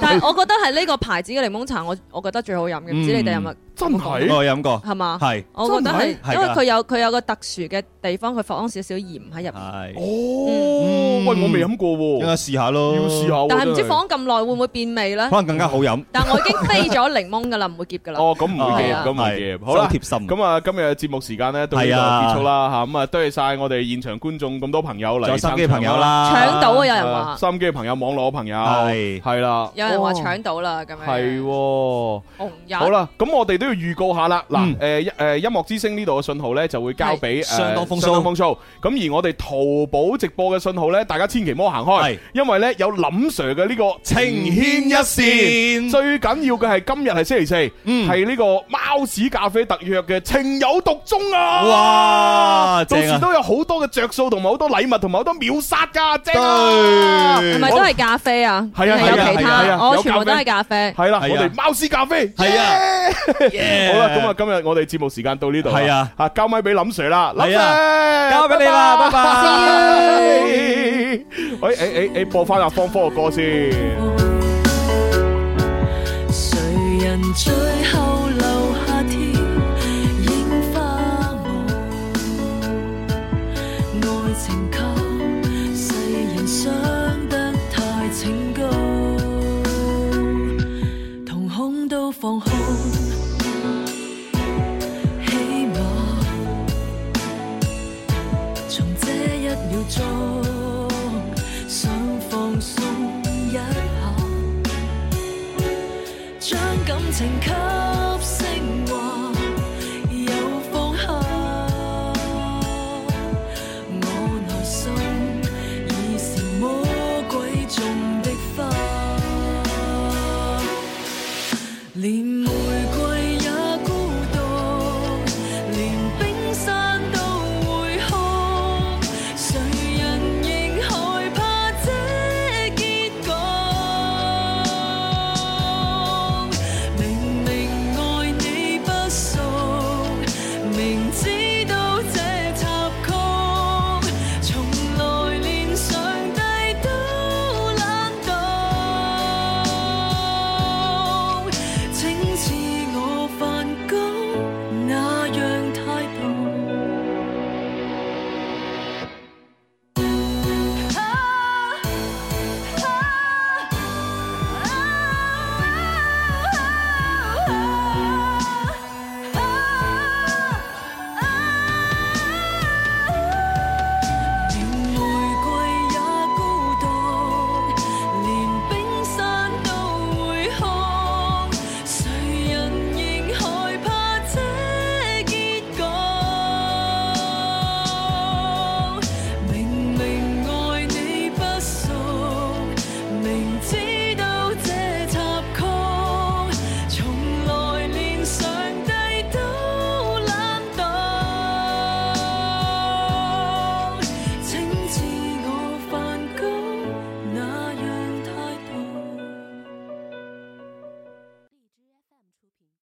[SPEAKER 5] 但係我覺得係呢個牌子嘅檸檬茶，我我覺得最好飲嘅，唔知你哋有冇。真係我飲過，係嘛？係，我覺得係，因為佢有佢有個特殊嘅地方，佢放少少鹽喺入
[SPEAKER 4] 面。哦，喂，我未飲過喎，應該試下咯。要試下，但係唔知放
[SPEAKER 5] 咁耐會唔會變味咧？
[SPEAKER 4] 可能更加好飲。
[SPEAKER 5] 但係我已經飛咗檸檬㗎啦，唔會澀㗎啦。哦，咁唔會澀，咁唔
[SPEAKER 2] 會澀，好貼心。咁啊，今日嘅節目時間咧，到呢度結束啦嚇。咁啊，多謝曬我哋現場觀眾咁多朋友嚟參加。手機朋友啦，搶到啊！有人話手機嘅朋友、網絡嘅朋友係係啦。有人話
[SPEAKER 5] 搶到啦，咁
[SPEAKER 2] 樣係。好啦，咁我哋都。預告下啦，嗱，誒，誒，音樂之聲呢度嘅信號咧，就會交俾相當風騷。咁而我哋淘寶直播嘅信號咧，大家千祈唔好行開，因為咧有林 Sir 嘅呢個情牽一線。最緊要嘅係今日係星期四，係呢個貓屎咖啡特約嘅情有獨鍾啊！哇，到時都有好多嘅着數，同埋好多禮物，同埋好多秒殺噶，正係咪都係咖啡啊？係啊，有其他，我全部都係咖啡。係啦，我哋貓屎咖啡，係啊。好啦，咁啊，今日我哋節目時間到呢度，係啊，吓交咪俾林 Sir 啦，係啊，交俾你啦，拜拜。哎哎哎，播翻阿芳芳嘅歌
[SPEAKER 1] 先。